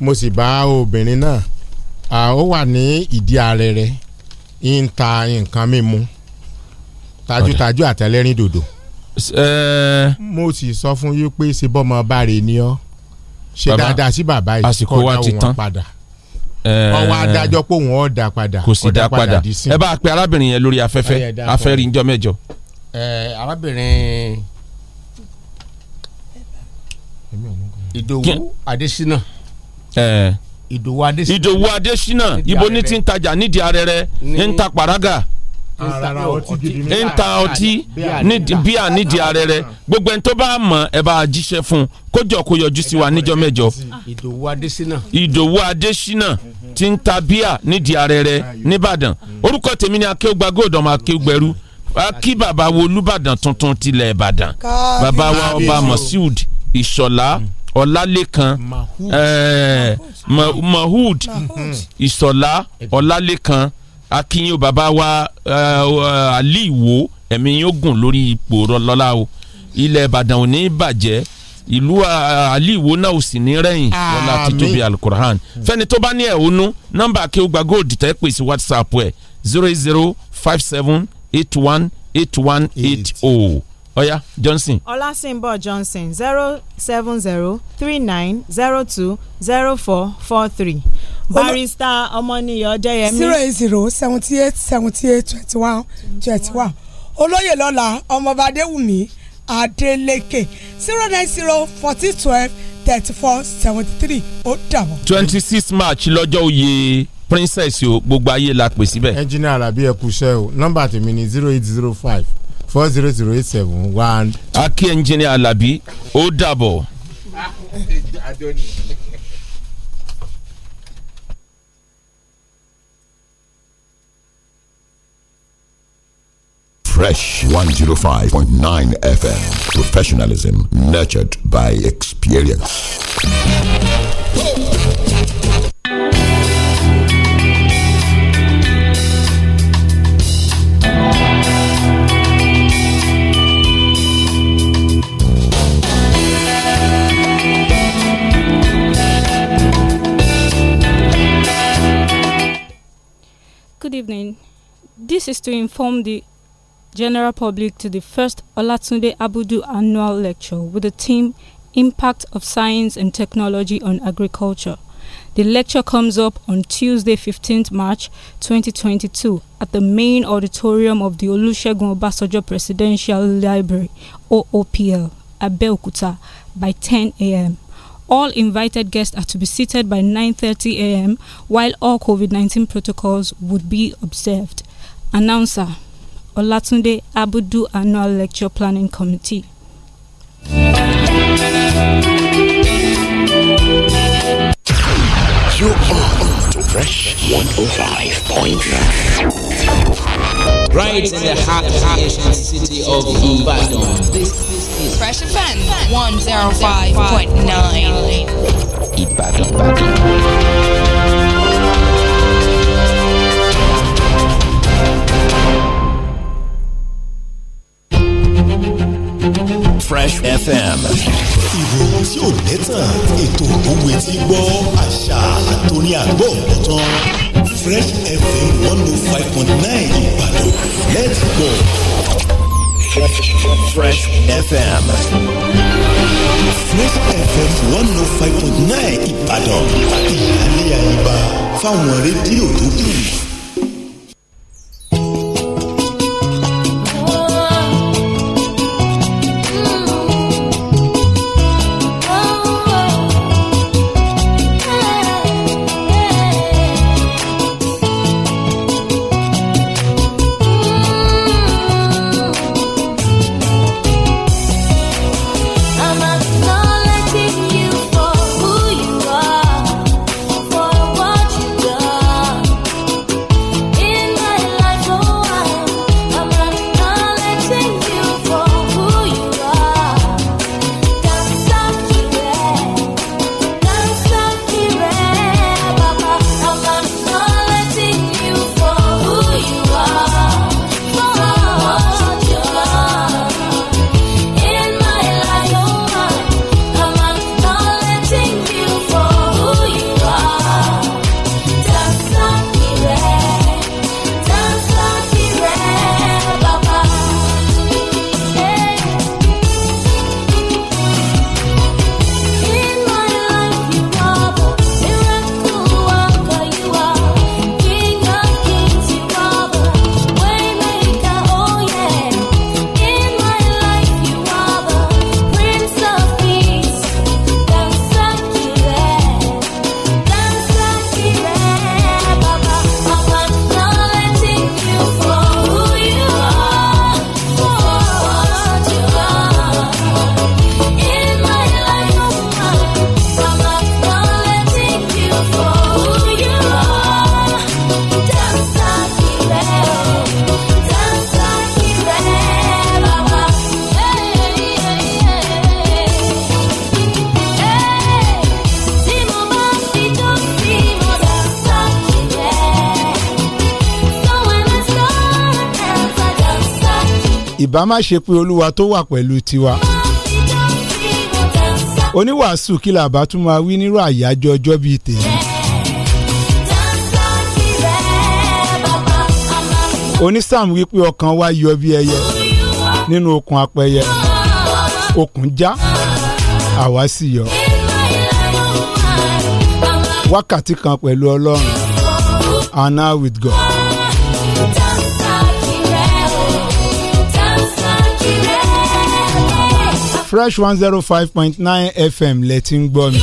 mo sì bá obìnrin náà ó wà ní ìdí arẹrẹ ń ta nǹkan mímu tajútajú àtẹlẹ́rìn dòdò. mo sì sọ fún yín pé ṣe bọ́mọ báre ni ọ́ ṣe dáadáa sí bàbá yìí kọ́ dá wọn padà ọwọ́ adájọ́ pé òun ọ̀ dá padà kò sì dá padà ẹ bá a pe arábìnrin yẹn lórí afẹ́fẹ́ afẹ́rí ńjọ́ mẹ́jọ. arábìnrin Ìdòwú Adésínà ìdòwú adésínà ìdòwú adésínà ibo ní ti ń tajà nídìí arẹrẹ ń ta pàrágà ń ta ọtí bíà nídìí arẹrẹ gbogbo ẹni tó bá mọ̀ ẹ bá jíṣẹ́ fún un kójọ kó yọjú sí wa níjọ́ mẹ́jọ. ìdòwú adésínà. ìdòwú adésínà ti ń ta bíà nídìí arẹrẹ níbàdàn orúkọ tèmi ni akéwùgbà góòdàn máa kéwùgbẹrú kí bàbá wo olúbàdàn tuntun tilẹ̀ ìbàdàn bàbá ọba moshood ìṣọ̀lá. ọlálékan mahood eh, ìsọ̀lá ọlálékan akínyìn bàbá wa eh, eh, ali ìwò ẹ̀mí yóò gùn lórí ipò lọ́la o ilẹ̀ ìbàdàn ò ní bàjẹ́ ìlú ah, ah, ali ìwò náà ò sì ní rẹ̀yìn lọ́la títóbi alukur'an mm. fẹ́ni tó bá ní ẹ̀hónú nọ́mbà kí o gba góòdù tẹ́ pè sí whatsapp ẹ̀ zero eight zero five seven eight one eight one eight oh. ọ̀ya oh, Johnson. Ọlásìnbọ̀ Johnson zero seven zero three nine zero two zero four four three barista ọmọnìyàn ọdẹyẹmí. zero eight zero seventy eight seventy eight twenty one twenty one olóyè lọ́la ọmọọba adéwùmí adeleke zero nine zero forty twelve thirty four seventy three ó dàbọ̀. twenty six march lọ́jọ́ oyè princess o gbogbo ayé la pè síbẹ̀. ẹnjìnìà àlàbí ẹkùṣẹ́ o nọ́mbà tèmi ni zero eight zero five four zero zero eight seven one. aki engineer alabi ó dàbọ̀. Fresh 105.9 FM. Professionalism nurtured by experience. good evening. This is to inform the general public to the first Olatunde Abudu annual lecture with the theme Impact of Science and Technology on Agriculture. The lecture comes up on Tuesday, 15th March 2022 at the main auditorium of the Olusegun Obasanjo Presidential Library, OOPL, Abeokuta by 10 a.m. All invited guests are to be seated by 9:30 a.m. while all COVID-19 protocols would be observed. Announcer Olatunde Abudu Annual Lecture Planning Committee. You are on Fresh 105.9 right in the heart of the city of Ibadan. Fresh and 105.9 Ibadan. Fresh FM. ìròyìn tí ò lẹ́tàn ètò òwe tí gbọ́ àṣà àtòní àgbọ̀ ọ̀tán. Fresh FM one oh five point nine Ìbàdàn let's go. Fresh FM Fresh FM one oh five point nine Ìbàdàn ìyáálé àyíbá fáwọn rédíò tó kù. àbá má ṣe pé olúwa tó wà pẹ̀lú tiwa. oníwàásù kí làbá tún máa wí nírú àyájọ́ ọjọ́ bíi tèmi. onísáàmù wípé ọkàn wa yọ bí ẹyẹ nínú okùn apẹyẹ okùn já àwa sì yọ wákàtí kan pẹ̀lú ọlọ́run and with God. fresh one zero oh five point nine fm lẹ ti ń gbọ́ mi.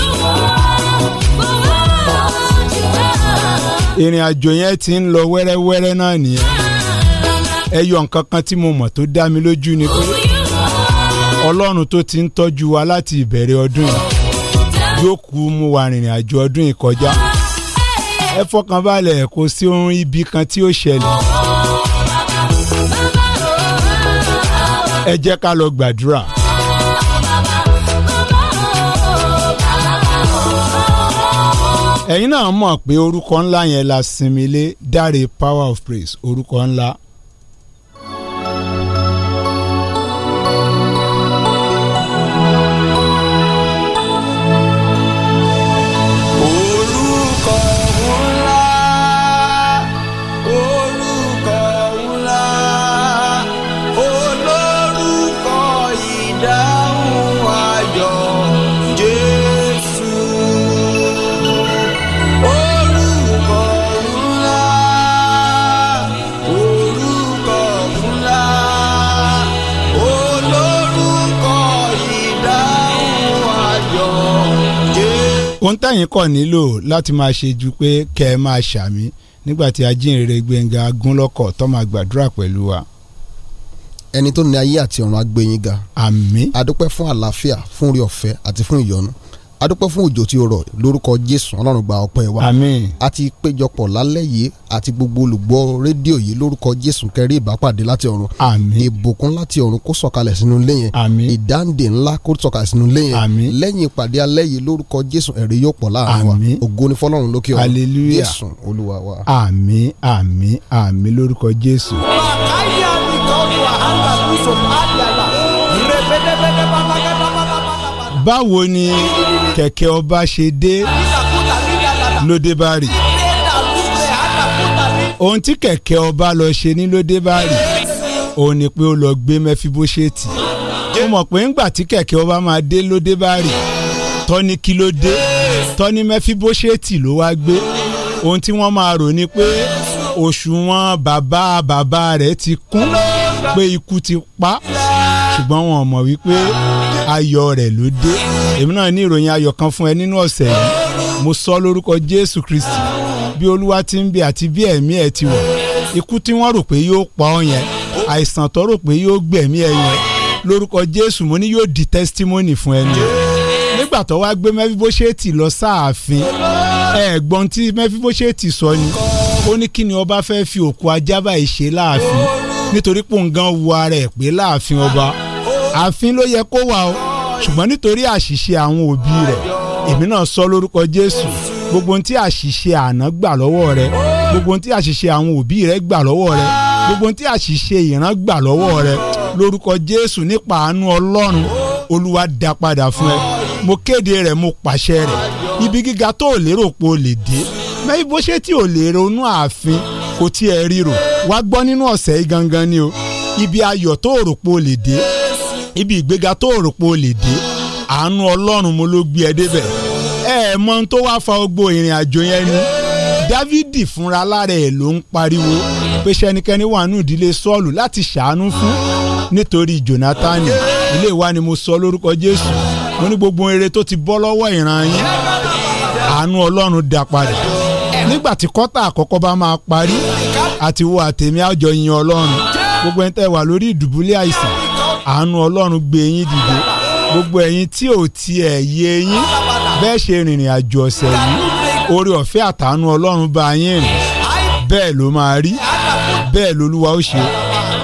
ìrìn àjò yẹn ti ń lọ wẹ́rẹ́wẹ́rẹ́ náà nìyẹn. ẹyọ nǹkan kan tí mo mọ̀ tó dá mi lójú ni pé ọlọ́run tó ti ń tọ́jú wa láti ìbẹ̀rẹ̀ ọdún yìí yóò kú mú wa rìnrìn àjò ọdún yìí kọjá. ẹ fọkàn balẹ̀ kò sí ohun ibi kan tí ó ṣẹlẹ̀. ẹ jẹ́ ká lọ gbàdúrà. ẹ̀yin náà mọ̀ pé orúkọ ńlá yẹn la sinmi lé dáre power of praise orúkọ ńlá táyìn kọ̀ nílò láti máa ṣe ju pé kẹ́ ẹ máa ṣàmì nígbà tí ajínrere Gbénga Agúnlọ́kọ̀ tó máa gbàdúrà pẹ̀lú wa. ẹni tó ní ayé àti ọ̀run á ga. àmín. adúpẹ́ fún àlàáfíà fún orí ọ̀fẹ́ àti fún ìyọ́nú adúpẹ́ fún òjò tí o rọ̀ lórúkọ jésù ọlọ́run gba ọpẹ́ wa àmín àti péjọpọ̀ lálẹ́ yìí àti gbogbo olùgbọ́ rédíò yìí lórúkọ jésù kẹrí ìbápàdé láti ọ̀run àmín ìbùkún láti ọ̀run kó sọ̀kalẹ̀ sínú ilé yẹn àmín ìdáǹdè ńlá kó sọ̀kalẹ̀ sínú ilé yẹn àmín lẹ́yìn ìpàdé alẹ́ yìí lórúkọ jésù ẹ̀rí yóò pọ̀ láàrin wa ògo ni fọlọ́run lókè ọ̀run hallelujah jésù olúwa wa. àmín àmín àmín lórúkọ jésù. wàhálà nìkan wàhálà kùsùn àyàlà rẹ̀ bẹ́ẹ̀ bẹ́ẹ̀ bá bá bá bá bá bá bá bá báwo ni kẹ̀kẹ́ ọba ṣe dé lóde bá rì ohun tí kẹ̀kẹ́ ọba lọ ṣe ní lóde bá rì òun ni pé ó lọ gbé mẹfibóṣẹ́tì ó mọ̀ pé ńgbà tí kẹ̀kẹ́ ọba máa dé lóde bá rì tọ́ni kí ló dé tọ́ni mẹfibóṣẹ́tì ló wá gbé ohun tí wọ́n máa rò ni pé òṣùwọ̀n bàbá bàbá rẹ̀ ti kún pé ikú ti pa ṣùgbọ́n wọn mọ̀ wípé ayọ̀ rẹ̀ ló dé èmi náà ní ìròyìn ayọ̀ kan fún ẹ nínú ọ̀sẹ̀ yìí mo sọ lórúkọ Jésù Kristi bí Olúwa ti ń bẹ àti bí ẹ̀mí ẹ̀ ti wọ̀ ikú tí wọ́n rò pé yóò pa ọ́ yẹn àìsàn tó rò pé yóò gbẹ̀mí ẹ yẹn lórúkọ Jésù mo ní yóò di testimony fún ẹni nígbà tó wá gbé Mẹfibóṣẹ́tì lọ sáàfin ẹ̀gbọ́n tí Mẹfibóṣẹ́tì sọ ni ó ní kí ni ọba fẹ́ fi òkú ajá báyìí ṣe láàfin nítorí pòǹgàn wo ara ẹ̀ pé láàfin ọba ààfin ló yẹ kó wà o ṣùgbọ́n nítorí àṣìṣe àwọn òbí rẹ̀ èmi náà sọ lórúkọ Jésù gbogbo ohun tí àṣìṣe àná gbà lọ́wọ́ rẹ̀ gbogbo ohun tí àṣìṣe àwọn òbí rẹ̀ gbà lọ́wọ́ rẹ̀ gbogbo ohun tí àṣìṣe ìran gbà lọ́wọ́ rẹ̀ lórúkọ Jésù nípa àánú Ọlọ́run Olúwa dá padà fún ẹ mo kéde rẹ̀ mo pàṣẹ rẹ̀ ibi gíga tó o lérò pé o lè dé mẹ́rin bó ṣe tí o lè ronú ààfin kò tiẹ̀ ríro wá gbọ́ nínú ọ̀sẹ̀ yìí gangan ni o ibi ayọ̀ tó o rò pé o lè dé ibi ìgbéga tó rò pé o lè dé àánú ọlọ́run mo ló gbé ẹ débẹ̀ ẹ mọ ohun tó wáá fa gbogbo ìrìn àjò yẹn ni dávidi fúnra lára ẹ ló ń pariwo pé sẹnikẹ́ni wà nù ìdílé sọ́ọ̀lù láti ṣàánú fún nítorí jonathan ilé wa ni mo sọ lórúkọ jésù mo ní gbogbo eré tó ti bọ́ lọ́wọ́ ìran yín àánú ọlọ́run dá padà nígbà tí kọ́tà àkọ́kọ́ bá máa parí àtiwọ́ àtèmi àjọyìn ọlọ́run gbogbo ẹni tẹ́ wà lórí ìdùbúlẹ̀ àìsàn àánú ọlọ́run gbé yín dìde gbogbo ẹ̀yin tí ò tiẹ̀ yé yín bẹ́ẹ̀ ṣe rìnrìn àjò ọ̀sẹ̀ yìí oore ọ̀fẹ́ àtàánú ọlọ́run bá yín rìn bẹ́ẹ̀ ló máa rí bẹ́ẹ̀ lolúwa ó ṣe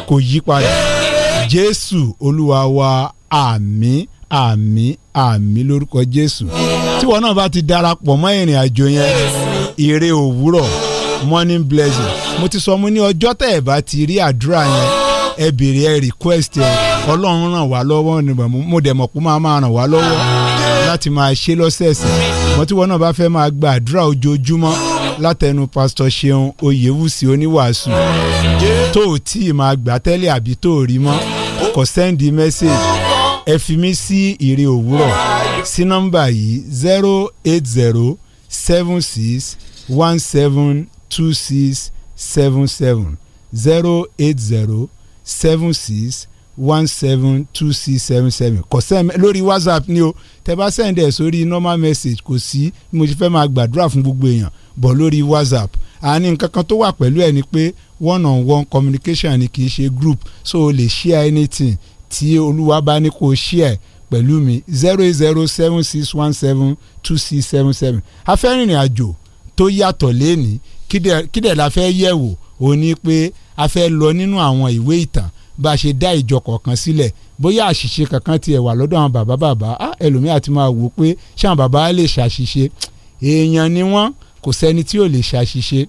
kò yí padà jésù olúwa wa àmín àmín àmín lórúkọ jésù tíwọ náà bá ti darapọ̀ mọ́ ìrìn àjò yẹn ire òwúrọ̀ morning blessing mo ti sọ mo ní ọjọ́ tẹ̀ ẹ̀ bá ti rí àdúrà yẹn ẹ bèrè ẹ request ẹ ọlọ́run ràn wá lọ́wọ́ ni mo dẹ̀ mọ̀ pé máa máa ràn wá lọ́wọ́ láti máa ṣe lọ́sẹ̀ẹ̀sẹ̀ mo tí wọn náà bá fẹ́ máa gba ojoojúmọ́ látẹnu pásítọ̀ ṣeun oyèwùsì oníwàásù tó o tí ì máa gbà tẹ́lẹ̀ àbí tó o rí mọ́ kò sẹ́ndì mẹ́sẹ̀gì ẹ fi mí sí ìrè òwúrọ̀ sí nọ́mbà yìí zero eight zero seven six one seven two six seven seven zero eight zero seven six one seven two six seven seven kò sẹ́mi lórí whatsapp ni o tẹ bá sẹ́ndẹ̀ sórí normal message kò sí mo ti fẹ́ máa gbàdúrà fún gbogbo èèyàn bọ̀ lórí whatsapp àní nǹkan kan tó wà pẹ̀lú ẹ̀ ni pé one on one communication ni kì í ṣe group so o lè share anything tí olúwa bá ní kó share pẹ̀lú mi zero eight zero seven six one seven two six seven seven afẹ́rìnrìn àjò tó yàtọ̀ lẹ́ni kídẹ̀ la fẹ́ yẹ̀ wò ó ní pé a fẹ́ lọ nínú àwọn ìwé ìtàn bá a ṣe dá ìjọ kọ̀ọ̀kan sílẹ̀ bóyá àṣìṣe kankan tiẹ̀ wà lọ́dọ̀ àwọn bàbá bàbá ẹlòmíà ti máa wò pé ṣé àwọn bàbá lè ṣàṣìṣe èèyàn ni wọ́n kò sẹ́ni tí ò lè ṣàṣìṣe.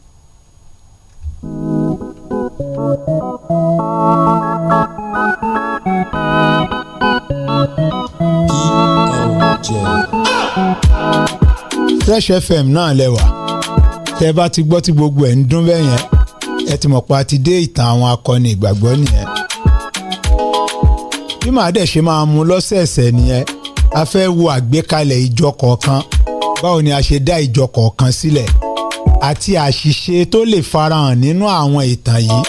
Fresh FM náà lẹ́wà tẹ́ bá ti gbọ́ tí gbogbo ẹ̀ ń dún bẹ́ẹ̀ yẹn ẹ ti mọ̀ pa ti dé ìtàn àwọn akọni ìgbàgbọ́ nìyẹn bí màá dẹ̀ ṣe máa mu lọ́sẹ̀ẹ̀sẹ̀ nìyẹn a fẹ́ wo àgbékalẹ̀ ìjọ kọ̀ọ̀kan báwo ni a ṣe dá ìjọ kọ̀ọ̀kan sílẹ̀ àti àṣìṣe tó lè farahàn nínú àwọn ìtàn yìí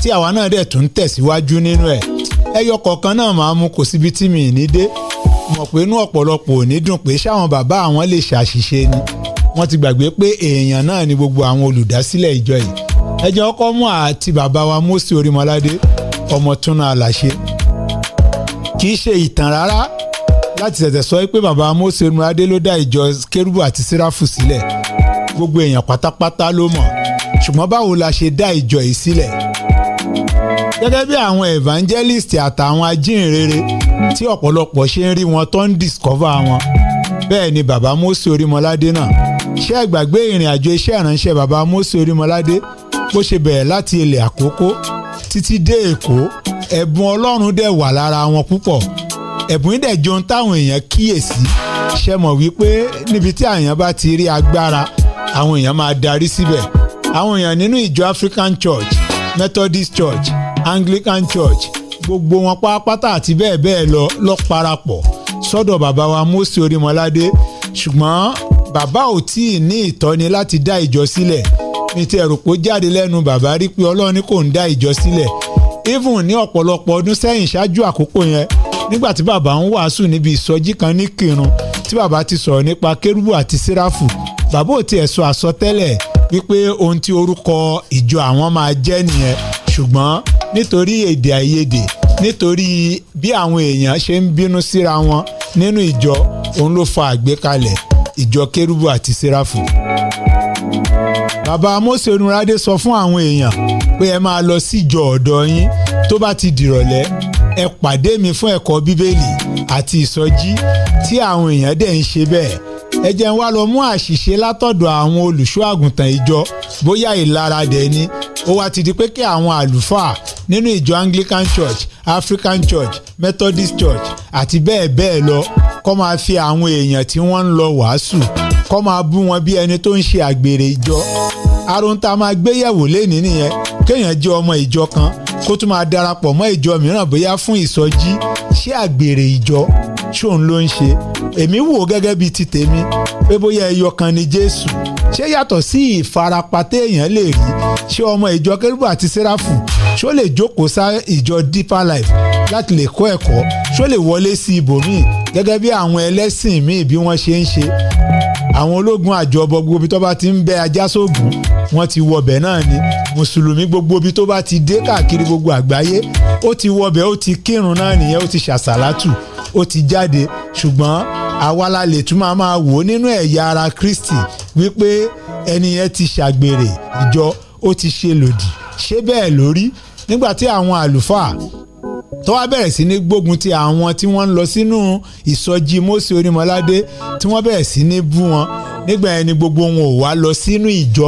tí àwa náà dẹ̀ tún tẹ̀síwájú nínú ẹ̀ ẹyọ kọ̀ọ̀kan náà máa mú kò síbi tí mi ní dé mọ̀ pé inú ọ̀pọ̀lọpọ̀ ò ní dùn pé ṣáwọn bàbá àwọn lè ṣàṣìṣe ni wọ́n ti gbàgbé pé èèyàn náà ni gbogbo àwọn olùdásílẹ̀ ìjọ yìí ẹjọ́ ọkọ mú àti bàbá wa Mósè Orímọládé ọmọ túnú àlàṣe kì í ṣe ìtàn rárá láti tẹ̀tẹ̀ sọ pé bàbá Mósè Nuadé ló dá ìjọ kérúbù àti síráfù sílẹ̀ gbogbo èèyàn pátápátá ló mọ̀ ṣùgbọ́n báwo la ṣe dá ìjọ yìí sílẹ̀ gẹ́gẹ́ bí àwọn evangelist àtàwọn ajínrere tí ọ̀pọ̀lọpọ̀ ṣe ń rí wọn tó ń discover wọn bẹ́ẹ̀ ni bàbá Mósè Orímọládé náà ṣé ẹ gbàgbé ìrìn àjò iṣẹ́ ìránṣẹ́ bàbá Mósè Orímọládé bó ṣe bẹ̀rẹ̀ láti ilẹ̀ àkókò títí dé èkó ẹ̀bùn ọlọ́run dẹ̀ wà lára wọn púpọ̀ ẹ̀bùn dẹ̀ jọun táwọn èèyàn kíyèsí ṣe mọ̀ wípé níbi tí àyàn bá ti rí agbára àwọn èèyàn máa darí síbẹ̀ àwọn èèyàn nínú ìjọ African Church Methodist Church Anglican Church gbogbo wọn pátápátá àti bẹ́ẹ̀ bẹ́ẹ̀ lọ lọ parapọ̀ sọ́dọ̀ bàbá wa Mósè Orímọládé ṣùgbọ́n bàbá ò tí ì ní ìtọ́ni láti dá ìjọ sílẹ̀ mi ti ẹ̀rù pé ó jáde lẹ́nu bàbá rí pé ọlọ́run ní kò ń dá ìjọ sílẹ̀ even ní ọ̀pọ̀lọpọ̀ ọdún sẹ́yìn ṣáájú àkókò yẹn nígbà tí bàbá ń wàásù níbi ìsọjí kan ní kírun tí bàbá ti sọ̀rọ̀ nípa kérúbù àti séráfù bàbá ò tiẹ̀ sọ àsọtẹ́lẹ̀ wípé ohun tí orúkọ ìjọ àwọn máa jẹ́ nìyẹn ṣùgbọ́n nítorí èdè àìyedè nítorí bí àwọn èèyàn ṣe ń bínú síra wọn nínú ìjọ òun ló fa àgbékalẹ̀ ìjọ kérúbù àti séráfù bàbá Mósè Onúradé sọ fún àwọn èèyàn pé ẹ máa lọ síjọ ọ̀dọ̀ yín tó bá ti dìrọ̀lẹ́ ẹ pàdé mi fún ẹ̀kọ́ bíbélì àti ìsọjí tí àwọn èèyàn dẹ̀ ń ṣe bẹ́ẹ̀ ẹ jẹ́ n wá lọ mú àṣìṣe látọ̀dọ̀ àwọn olùṣọ́ àgùntàn ìjọ bóyá ìlara dẹ̀ ni ó wá ti di pé kí àwọn àlùfáà nínú ìjọ Anglican Church African Church Methodist Church àti bẹ́ẹ̀ bẹ́ẹ̀ lọ kọ́ máa fi àwọn èèyàn tí wọ́n ń lọ wàásù kọ́ máa bú wọn bí ẹni tó ń ṣe àgbèrè ìjọ aronta máa gbéyẹ̀wò lénìí nìyẹn kéèyàn jẹ́ ọmọ ìjọ kan kó tún máa darapọ̀ mọ́ ìjọ mìíràn bóyá fún ìsọjí ṣé àgbèrè ìjọ ṣóun ló ń ṣe èmi wò ó gẹ́gẹ́ bíi ti tèmi pé bóyá ẹyọ kan ni Jésù ṣé yàtọ̀ sí ìfarapa téèyàn lè rí ṣé ọmọ ìjọ kérúbù àti sẹ́ráfù ṣó lè jókòó sá ìjọ Deeper Life láti lè kọ́ ẹ̀kọ́ ṣó lè wọlé sí ibòmíì gẹ́gẹ́ bí àwọn ẹlẹ́sìn míì bí wọ́n ṣe ń ṣe àwọn ológun àjọ ọbọ gbogbo ibi tó bá ti ń bẹ ajá sóògùn wọ́n ti wọbẹ̀ náà ni mùsùlùmí gbogbo ibi tó bá ti dé káàkiri gbogbo àgbáyé ó ti wọbẹ̀ ó ti kírun náà nìyẹn ó ti ṣàṣàlátù ó ti jáde ṣùgbọ́n àwa la lè tún máa máa wò ó nínú ẹ̀yà ara Kristi wípé ẹni yẹn ti ṣàgbèrè ìjọ ó ti ṣe lòdì ṣé bẹ́ẹ̀ lórí nígbà tí àwọn àlùfáà tó wá bẹ̀rẹ̀ sí ní gbógun ti àwọn tí wọ́n ń lọ sínú ìsọjí Mósè Onímọ̀ládé tí wọ́n bẹ̀rẹ̀ sí ní bú wọn nígbà yẹn ni gbogbo wọn ò wá lọ sínú ìjọ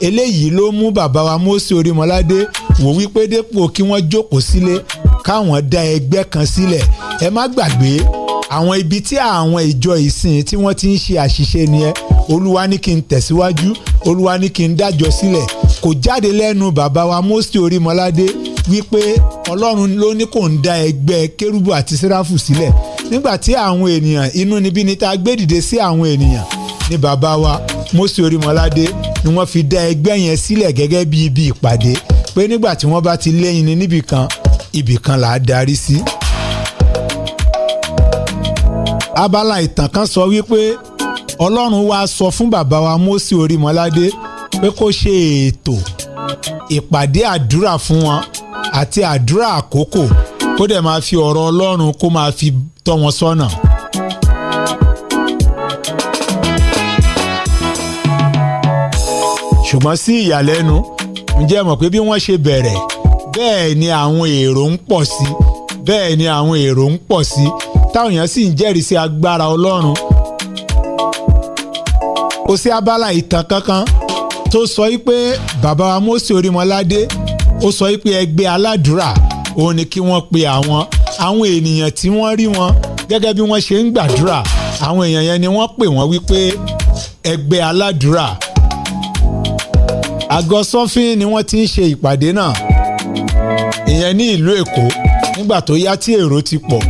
eléyìí ló mú bàbá wa Mósè Onímọ̀ládé wò wípé dépò kí wọ́n jókòó sílé káwọn dá ẹgbẹ́ kan sílẹ̀ ẹ má gbàgbé àwọn ibi tí àwọn ìjọ ìsìn tí wọ́n ti ń ṣe àṣìṣe nìyẹn olúwa ní kí n tẹ̀síwájú olúwa ní kí n dájọ́ sílẹ̀ kò jáde lẹ́nu bàbá wa Mósè Orímọládé wípé Ọlọ́run ló ní kò ń dá ẹgbẹ́ kérúbù àti séráfù sílẹ̀ nígbà tí àwọn ènìyàn inú níbí ni tá a gbé dìde sí àwọn ènìyàn ni bàbá wa Mósè Orímọládé ni wọ́n fi dá ẹgbẹ́ yẹn sílẹ̀ gẹ́gẹ́ bí ibi ìpàdé pé nígbà tí wọ́n bá ti léyìn ní níbìkan ibìkan là á darí sí. abala ìtàn kan sọ wípé Ọlọ́run wá sọ fún bàbá wa Mósè Orímọládé pé kó ṣe ètò ìpàdé àdúrà fún wọn àti àdúrà àkókò kó dẹ̀ máa fi ọ̀rọ̀ Ọlọ́run kó máa fi tọ́ wọn sọ́nà. ṣùgbọ́n sí ìyàlẹ́nu ǹjẹ́ mọ̀ pé bí wọ́n ṣe bẹ̀rẹ̀ bẹ́ẹ̀ ni àwọn èrò ń pọ̀ sí bẹ́ẹ̀ ni àwọn èrò ń pọ̀ sí táwọn èèyàn sì ń jẹ́rìí sí agbára Ọlọ́run kò sí abala ìtàn kankan tó sọ wípé bàbá wa Mósè Orímọládé ó sọ wípé ẹgbẹ́ aládùúrà òun ni kí wọ́n pe àwọn àwọn ènìyàn tí wọ́n rí wọn gẹ́gẹ́ bí wọ́n ṣe ń gbàdúrà àwọn èèyàn yẹn ni wọ́n pè wọ́n wípé ẹgbẹ́ aládùúrà àgọ́ sọ́fín ni wọ́n ti ń ṣe ìpàdé náà ìyẹn ní ìlú Èkó nígbà tó yá tí èrò ti pọ̀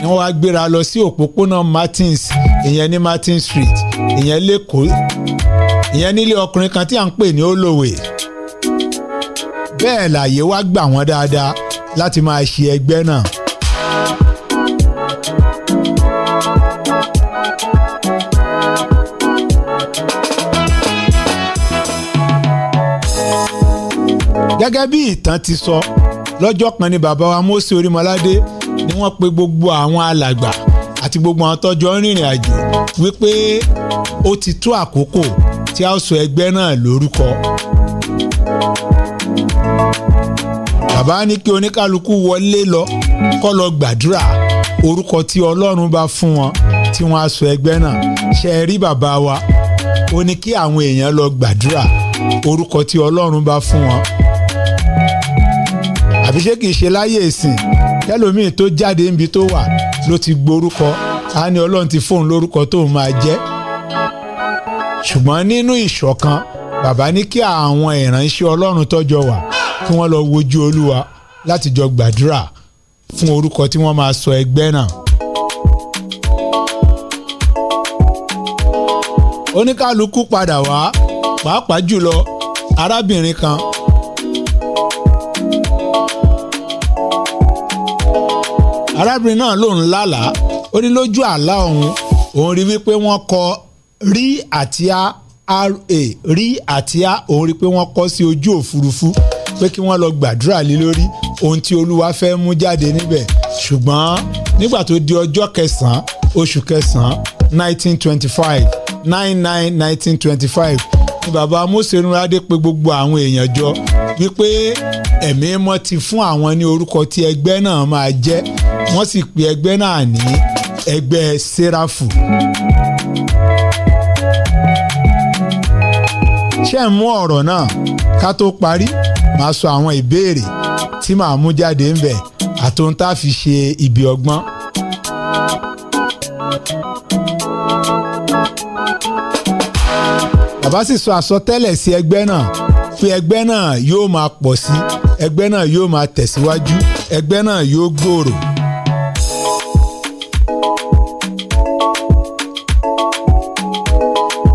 ni wọ́n wá gbéra lọ sí òpópónà Martins ìyẹn ní Martin Street ìyẹn lẹ́kọ̀ọ́ ìyẹn nílé ọkùnrin kan tí à ń pè ní olówè bẹ́ẹ̀ làyè wá gbà wọ́n dáadáa láti máa ṣe ẹgbẹ́ náà. gẹ́gẹ́ bí ìtàn ti sọ lọ́jọ́ kan ni bàbá wa Mósè Orímọládé ni wọ́n pe gbogbo àwọn alàgbà àti gbogbo àwọn tọ́jọ́ rìnrìn àjò wípé ó ti tó àkókò tí a ó sọ ẹgbẹ́ náà lórúkọ. bàbá ní kí oníkálukú wọlé lọ kọ́ lọ gbàdúrà orúkọ tí ọlọ́run bá fún wọn tí wọ́n á sọ ẹgbẹ́ náà ṣe é rí bàbá wa ó ní kí àwọn èèyàn lọ gbàdúrà orúkọ tí ọlọ́run bá fún wọn. àbí ṣé kìí ṣe láyé ìsìn tẹ́lómìn tó jáde níbi tó wà ló ti gborúkọ á ní ọlọ́run ti fóun lórúkọ tóun máa jẹ́ ṣùgbọ́n nínú ìṣọ̀kan bàbá ní kí àwọn ìránṣẹ́ ọlọ́run tọ́jọ wà kí wọ́n lọ wojú olúwa láti jọ gbàdúrà fún orúkọ tí wọ́n máa sọ ẹgbẹ́ náà. oníkálukú padà wá pàápàá jùlọ arábìnrin kan arábìnrin náà lòun lálàá ó ní lójú àlá òun òun rí wípé wọ́n kọ rí àti ra rí àti a òun rí i pé wọ́n kọ́ sí ojú òfurufú pé kí wọ́n lọ gbàdúrà lé lórí ohun tí olúwa fẹ́ mú jáde níbẹ̀ ṣùgbọ́n nígbà tó di ọjọ́ kẹsàn-án oṣù kẹsàn-án nineteen twenty five nine nine nineteen twenty five ni bàbá Mósè Nurádé pè gbogbo àwọn èèyàn jọ wípé ẹ̀mí mọ́ ti fún àwọn ní orúkọ tí ẹgbẹ́ náà máa jẹ́ wọ́n sì pe ẹgbẹ́ náà ní ẹgbẹ́ Séráfù ṣé ń mú ọ̀rọ̀ náà ká tó parí màá sọ àwọn ìbéèrè tí màá mú jáde ń bẹ̀ àtòun tá a fi ṣe ibi ọgbọ́n. bàbá sì sọ àsọtẹ́lẹ̀ sí ẹgbẹ́ náà pé ẹgbẹ́ náà yóò máa pọ̀ sí ẹgbẹ́ náà yóò máa tẹ̀síwájú ẹgbẹ́ náà yóò gbòòrò.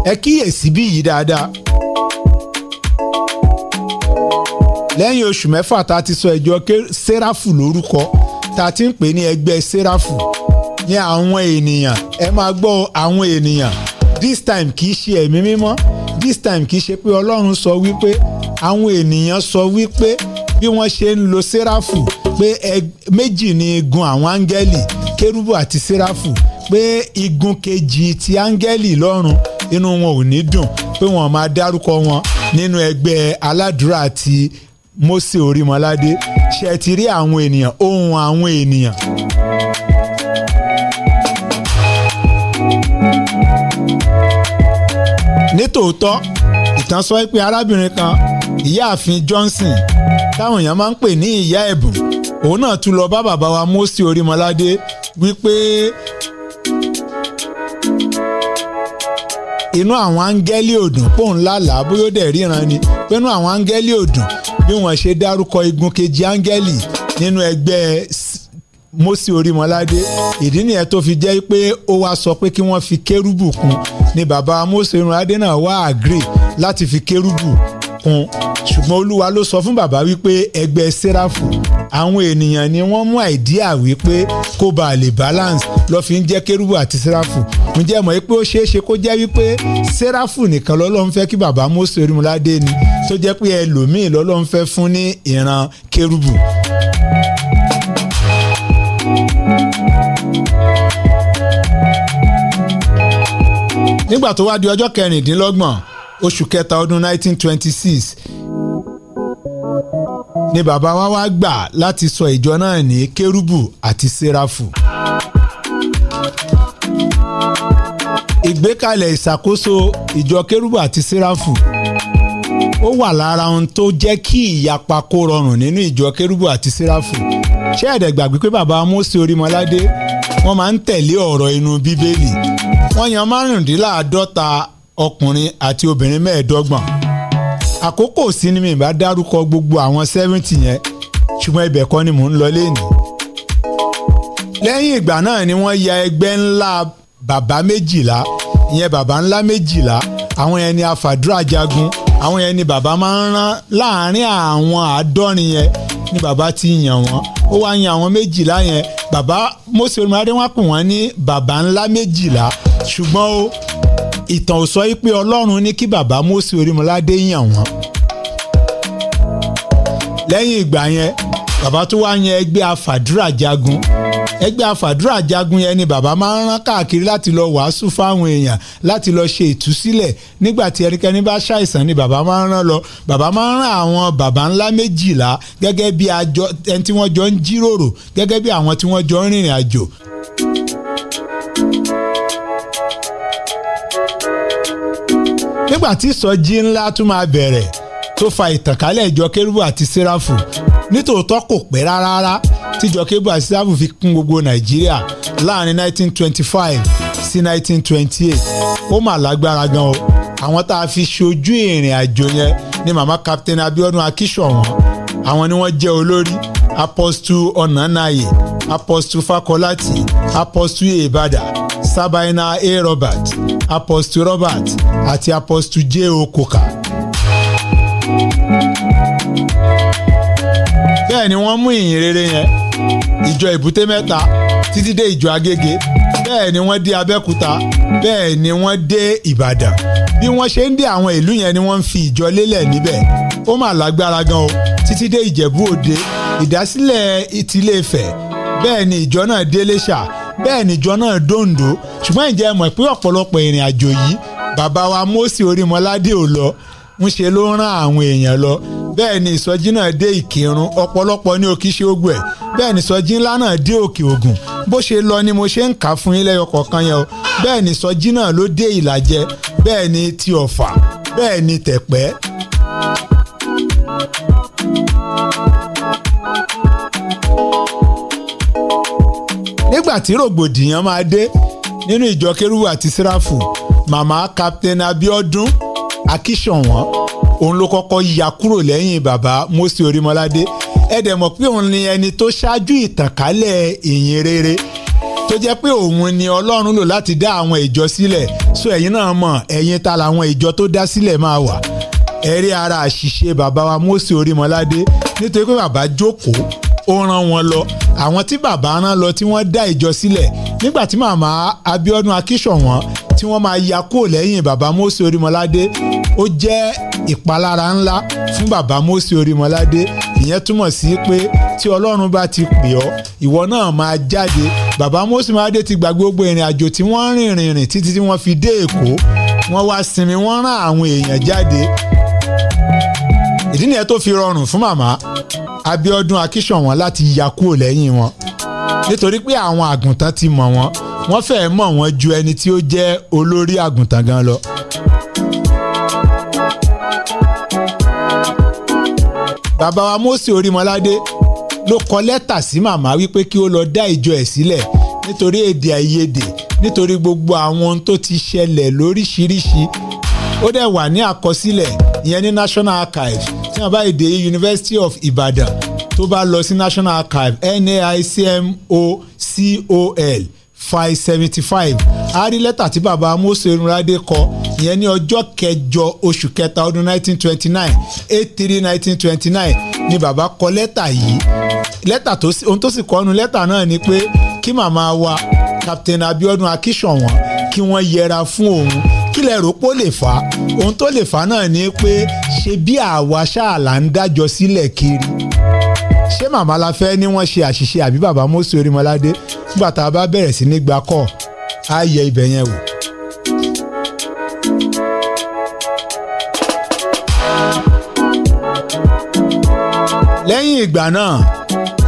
ẹ kíyèsí bí yìí dáadáa. lẹ́yìn oṣù mẹ́fà tá a ti sọ ìjọ sẹ́ráfù lórúkọ tá a ti ń pè ní ẹgbẹ́ sẹ́ráfù ní àwọn ènìyàn ẹ máa gbọ́ àwọn ènìyàn this time kì í ṣe ẹ̀mí mímọ́ this time kì í ṣe pé ọlọ́run sọ wípé àwọn ènìyàn sọ wípé bí wọ́n ṣe ń lo sẹ́ráfù pé méjì ni igun àwọn áńgẹ́lì kérúbù àti sẹ́ráfù pé igun kejì ti áńgẹ́lì lọ́run inú wọn ò ní dùn pé wọn máa dárúkọ wọn nínú ẹgbẹ́ aládùúrà ti Mósè Orímọládé ṣe ti rí àwọn ènìyàn ohun àwọn ènìyàn. nítòótọ́ ìtàn sọ pé arábìnrin kan ìyáàfin Johnson táwọn èèyàn máa ń pè ní ìyá ẹ̀bùn òun náà tún lọ bá bàbá wa Mósè Orímọládé wípé inú àwọn áńgẹ́lì òdùn pòun lálàá bóyá ó dẹ̀ ríran ni pẹ̀lú àwọn áńgẹ́lì òdùn bí wọ́n ṣe dárúkọ igun kejì áńgẹ́lì nínú ẹgbẹ́ Mósè Orímọládé ìdí nìyẹn tó fi jẹ́ pé ó wá sọ pé kí wọ́n fi kérúbù kún ni bàbá Mósè Orímọládé náà wá àgírè láti fi kérúbù òkun ṣùgbọ́n olúwa ló sọ fún bàbá wípé ẹgbẹ́ sẹ́ráfù àwọn ènìyàn ni wọ́n mú àìdíà wípé kó ba lè balance lọ́ fi ń jẹ́ kérúbù àti sẹ́ráfù ǹjẹ́ mọ̀ pé ó ṣeé ṣe kó jẹ́ wípé sẹ́ráfù nìkan lọ́lọ́run fẹ́ kí bàbá Mósè Orímọládé ni tó jẹ́ pé ẹlòmíì lọ́lọ́run fẹ́ fún ní ìran kérúbù. nígbà tó wá di ọjọ́ kẹrìndínlọ́gbọ̀n oṣù kẹta ọdún 1926 ni bàbá wa wá gbà láti sọ ìjọ náà ní kérúbù àti séráfù. ìgbékalẹ̀ ìṣàkóso ìjọ kérúbù àti séráfù ó wà lára ohun tó jẹ́ kí ìyapa kó rọrùn nínú ìjọ kérúbù àti séráfù ṣé ẹ̀dẹ̀ gbàgbé pé bàbá Mósè Orímọládé wọ́n máa ń tẹ̀lé ọ̀rọ̀ inú bíbélì wọ́n yan márùndínláàádọ́ta ọkùnrin àti obìnrin mẹ́ẹ̀ẹ́dọ́gbọ̀n àkókò sinimi ìbá dárúkọ gbogbo àwọn seventy yẹn ṣùgbọ́n ibẹ̀ kọ́ ni mò ń lọ léèní. lẹ́yìn ìgbà náà ni wọ́n ya ẹgbẹ́ ńlá bàbá méjìlá ìyẹn bàbá ńlá méjìlá àwọn yẹn ni àfàdúrà jagun àwọn yẹn ni bàbá máa ń rán láàárín àwọn àádọ́rin yẹn ni bàbá ti yàn wọ́n ó wá yan àwọn méjìlá yẹn bàbá Mósè Olúmọdé wọn pè wọ́n ní bàbá ńlá méjìlá ṣùgbọ́n ó ìtàn ò sọ yìí pé ọlọ́run ní kí bàbá Mósè Orímọládé yàn wọ́n lẹ́yìn ìgbà yẹn bàbá tó wá yẹn ẹgbẹ́ afàdúrà jagun ẹgbẹ́ afàdúrà jagun yẹn ni bàbá máa ń rán káàkiri láti lọ wàásù fáwọn èèyàn láti lọ ṣe ìtúsílẹ̀ nígbà tí ẹnikẹ́ni bá ṣàìsàn ni bàbá máa ń rán lọ bàbá máa ń rán àwọn bàbá ńlá méjìlá gẹ́gẹ́ bí ẹni tí wọ́n jọ ń jíròrò gẹ́gẹ́ bí àwọn tí wọ́n jọ ń rìnrìn àjò. nígbà tí ìsọjí ńlá tún máa bẹ̀rẹ̀ tó fa ìtànkálẹ̀ ìjọ kérúbù àti séráfù nítòótọ́ kò pẹ́ rárá tíjọ kérúbù àti séráfù fi kún gbogbo nàìjíríà láàrin 1925 sí 1928 ó mà lágbára gan o àwọn tá a fi ṣojú ìrìn àjò yẹn ni màmá captain abiodun akíṣọ̀wọ́n àwọn ni wọ́n jẹ́ olórí apostu ọ̀nànàyè apostu fakọláti apostu ìbàdàn sabina a robert apostle robert àti apostle j o koka. bẹ́ẹ̀ ni wọ́n mú ìyìn rere yẹn ìjọ èbúté mẹ́ta títí dé ìjọ agége bẹ́ẹ̀ ni wọ́n dé abẹ́kúta bẹ́ẹ̀ ni wọ́n dé ìbàdàn bí wọ́n ṣe ń dé àwọn ìlú yẹn ni wọ́n ń fi ìjọ lélẹ̀ níbẹ̀ ó mà lágbára gan o títí dé ìjẹ̀bú òde ìdásílẹ̀ ìtìlẹ́fẹ̀ bẹ́ẹ̀ ni ìjọ náà dé lẹ́ṣà bẹ́ẹ̀ níjọ náà dòǹdó ṣùgbọ́n ǹjẹ́ ẹ mọ̀ pé ọ̀pọ̀lọpọ̀ ìrìn àjò yìí bàbá wa Mósè Orímọládé ò lọ ń ṣe ló rán àwọn èèyàn lọ bẹ́ẹ̀ ni ìsọjí náà dé Ìkírun ọ̀pọ̀lọpọ̀ ní ogun ẹ̀ bẹ́ẹ̀ ni ìsọjí ńlá náà dé Òkè kan yẹn o bẹ́ẹ̀ ni ìsọjí náà ló dé Ìlàjẹ ti Ọ̀fà bẹ́ẹ̀ ni nígbà tí rògbòdìyàn máa dé nínú ìjọ kérúwù àti síráfù màmá captain Abíọ́dún akíṣọ̀wọ́n òun ló kọ́kọ́ ya kúrò lẹ́yìn bàbá Mósè Orímọládé ẹ dẹ̀ mọ̀ pé òun ni ẹni tó ṣáájú ìtànkálẹ̀ ìyìn rere tó jẹ́ pé òun ni Ọlọ́run lò láti dá àwọn ìjọ sílẹ̀ so ẹ̀yin náà mọ̀ ẹ̀yin ta làwọn ìjọ tó dá sílẹ̀ máa wà ẹ̀rí ara àṣìṣe bàbá wa Mósè Orímọládé nítorí pé bàbá jókòó ó rán wọn lọ àwọn tí bàbá rán lọ tí wọ́n dá ìjọ sílẹ̀ nígbà tí màmá Abíọ́dún Akíṣọ̀wọ́n tí wọ́n máa ya kúrò lẹ́yìn bàbá Mósè Orímọládé ó jẹ́ ìpalára ńlá fún bàbá Mósè Orímọládé ìyẹn túmọ̀ sí pé tí Ọlọ́run bá ti pè ọ́ ìwọ náà máa jáde bàbá Mósè Orímọládé ti gbàgbé gbogbo ìrìn àjò tí wọ́n rìn rìnrìn títí tí wọ́n fi dé Èkó wọ́n wá sinmi wọ́n rán àwọn èèyàn jáde ìdí nìyẹn tó fi rọrùn fún màmá Abíọ́dún Akíṣọ̀wọ́n láti ya kúrò lẹ́yìn wọn nítorí pé àwọn àgùntàn ti mọ̀ wọ́n wọ́n fẹ́ẹ́ mọ̀ wọ́n ju ẹni tí ó jẹ́ olórí àgùntàn gan lọ. bàbá wa Mósè Orímọládé ló kọ lẹ́tà sí màmá wípé kí ó lọ dá ìjọ ẹ̀ sílẹ̀ nítorí èdè àìyedè nítorí gbogbo àwọn ohun tó ti ṣẹlẹ̀ lóríṣiríṣi ó dẹ̀ wà ní àkọsílẹ̀ ìyẹn ní National Archives tí wọ́n bá èdè University of Ibadan tó bá lọ sí National Archive NAICMOCOL five seventy five a rí lẹ́tà tí bàbá Mose Erunlade kọ ìyẹn ní ọjọ́ kẹjọ oṣù kẹta ọdún nineteen twenty nine eight three nineteen twenty nine ni bàbá kọ lẹ́tà yìí lẹ́tà tó ohun tó sì kọ́nu lẹ́tà náà ni pé kí màmá wa Captain Abiodun Akíṣọ̀wọ́n kí wọ́n yẹra fún òun kílẹ̀ rò pó lè fà á ohun tó lè fà á náà ni pé ṣe bí àwa ṣáà ń dájọ́ sílẹ̀ kiri ṣé màmá la fẹ́ ni wọ́n ṣe àṣìṣe àbí bàbá Mósè Orímọládé nígbà tá a bá bẹ̀rẹ̀ sí ní gba kọ́ á yẹ ibẹ̀ yẹn wò. lẹ́yìn ìgbà náà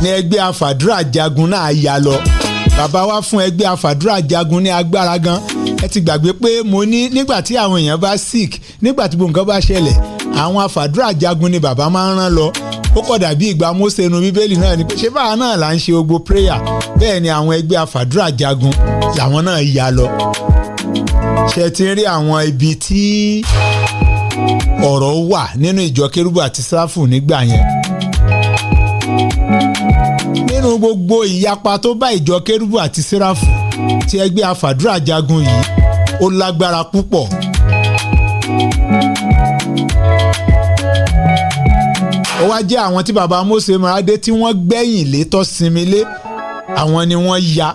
ni ẹgbẹ́ afàdúrà jagun náà yá lọ bàbá wa fún ẹgbẹ́ àfàdúrà jagun ní agbára gan ẹ ti gbàgbé pé mo ní nígbà tí àwọn èèyàn bá sick nígbà tí gbogbo nǹkan bá ṣẹlẹ̀ àwọn àfàdúrà jagun ni bàbá máa ń rán lọ ó kọ̀ dàbí ìgbà Mósè inú bíbélì náà ni ṣé báwa náà là ń ṣe gbogbo prayer bẹ́ẹ̀ ni àwọn ẹgbẹ́ àfàdúrà jagun làwọn náà ya lọ ṣe ti rí àwọn ibi tí ọ̀rọ̀ wà nínú ìjọ kérúbù àti sáfù nígbà yẹn nínú gbogbo ìyapa tó bá ìjọ kérúbù àti séráfù tí ẹgbẹ́ afàdúrà jagun yìí ó lágbára púpọ̀. ó wá jẹ́ àwọn tí baba Mósè Marade tí wọ́n gbẹ̀yìn lé tó sinmi lé àwọn ni wọ́n ya.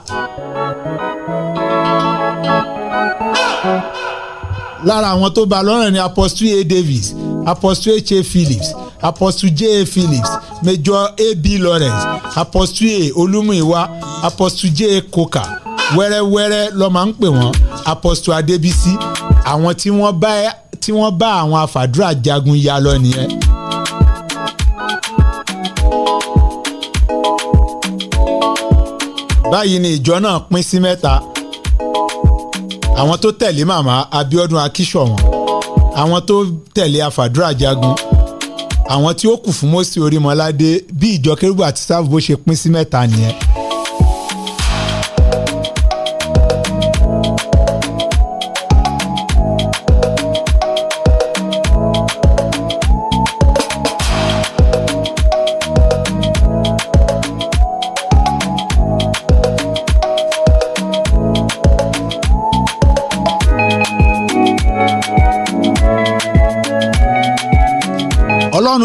lára àwọn tó bá lọ́rùn ni apostle A. Davis apostle H. A. Phillips apostle J. A. Phillips Major AB Lawrence A Olúmúyìwá apostue J Koka wẹ́rẹ́wẹ́rẹ́ ló máa ń pè wọ́n apostue Adébísí àwọn tí wọ́n bá tí wọ́n bá àwọn afàdúrà jagun ya lọ nìyẹn. báyìí ni ìjọ náà pín sí mẹ́ta àwọn tó tẹ̀lé màmá Abíọ́dún Akíṣọ̀wọ̀n àwọn tó tẹ̀lé afàdúrà jagun àwọn tí ó kù fún Mósè Orímọládé bí ìjọ kérúbù àti sáfù bó ṣe pín sí mẹ́ta nìyẹn.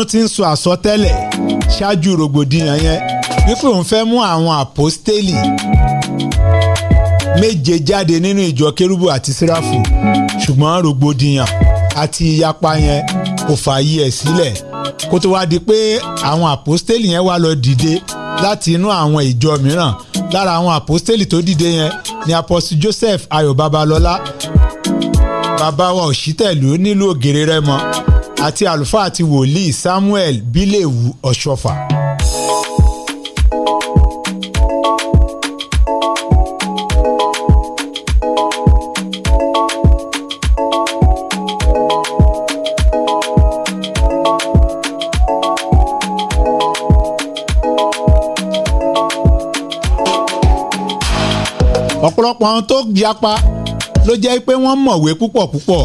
ti ń sọ àsọtẹ́lẹ̀ ṣáájú rògbòdìyàn yẹn wípé òun fẹ́ mú àwọn àpọ́stélì méje jáde nínú ìjọ kérúbù àti síráfù ṣùgbọ́n rògbòdìyàn àti ìyapa yẹn kò fààyè ẹ̀ sílẹ̀ kó tó wá di pé àwọn àpọ́stélì yẹn wá lọ dìde láti inú àwọn ìjọ mìíràn lára àwọn àpọ́stélì tó dìde yẹn ni apọ́sù Joseph Ayọ̀ Babalọ́lá bàbá wa Òṣìtẹ̀lú nílùú Ògèrè Rẹ́mọ àti àlùfáà àti wòlíì Samuel Bílẹ̀wù Ọ̀ṣọ́fà. ọ̀pọ̀lọpọ̀ àwọn tó yapa ló jẹ́ pé wọ́n mọ̀wé púpọ̀ púpọ̀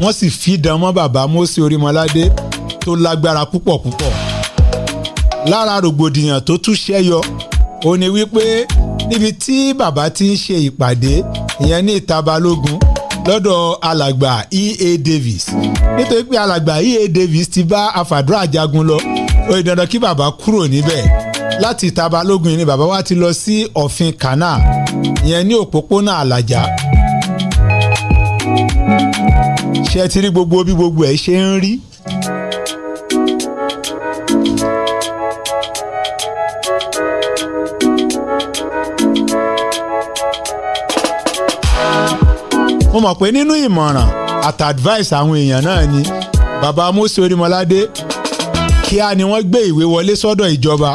wọ́n sì fi dán mọ́ bàbá Mósè Orímọládé tó lágbára púpọ̀ púpọ̀ lára rògbòdìyàn tó tún ṣẹ́yọ ó ní wípé níbi tí bàbá ti ń ṣe ìpàdé ìyẹn ní ìta balógun lọ́dọ̀ alàgbà E.A. Davis nítorí pé alàgbà E.A. Davis ti bá afàdúrà jagun lọ ó di dandan kí bàbá kúrò níbẹ̀ láti ìta balógun ni bàbá wa ti lọ sí ọ̀fin kanna ìyẹn ní òpópónà àlàjá ṣe ti rí gbogbo bí gbogbo ẹ̀ ṣe ń rí. mo mọ̀ pé nínú ìmọ̀ràn àti advice àwọn èèyàn náà ni bàbá Mósè Orímọládé kíá ni wọ́n gbé ìwé wọlé sọ́dọ̀ ìjọba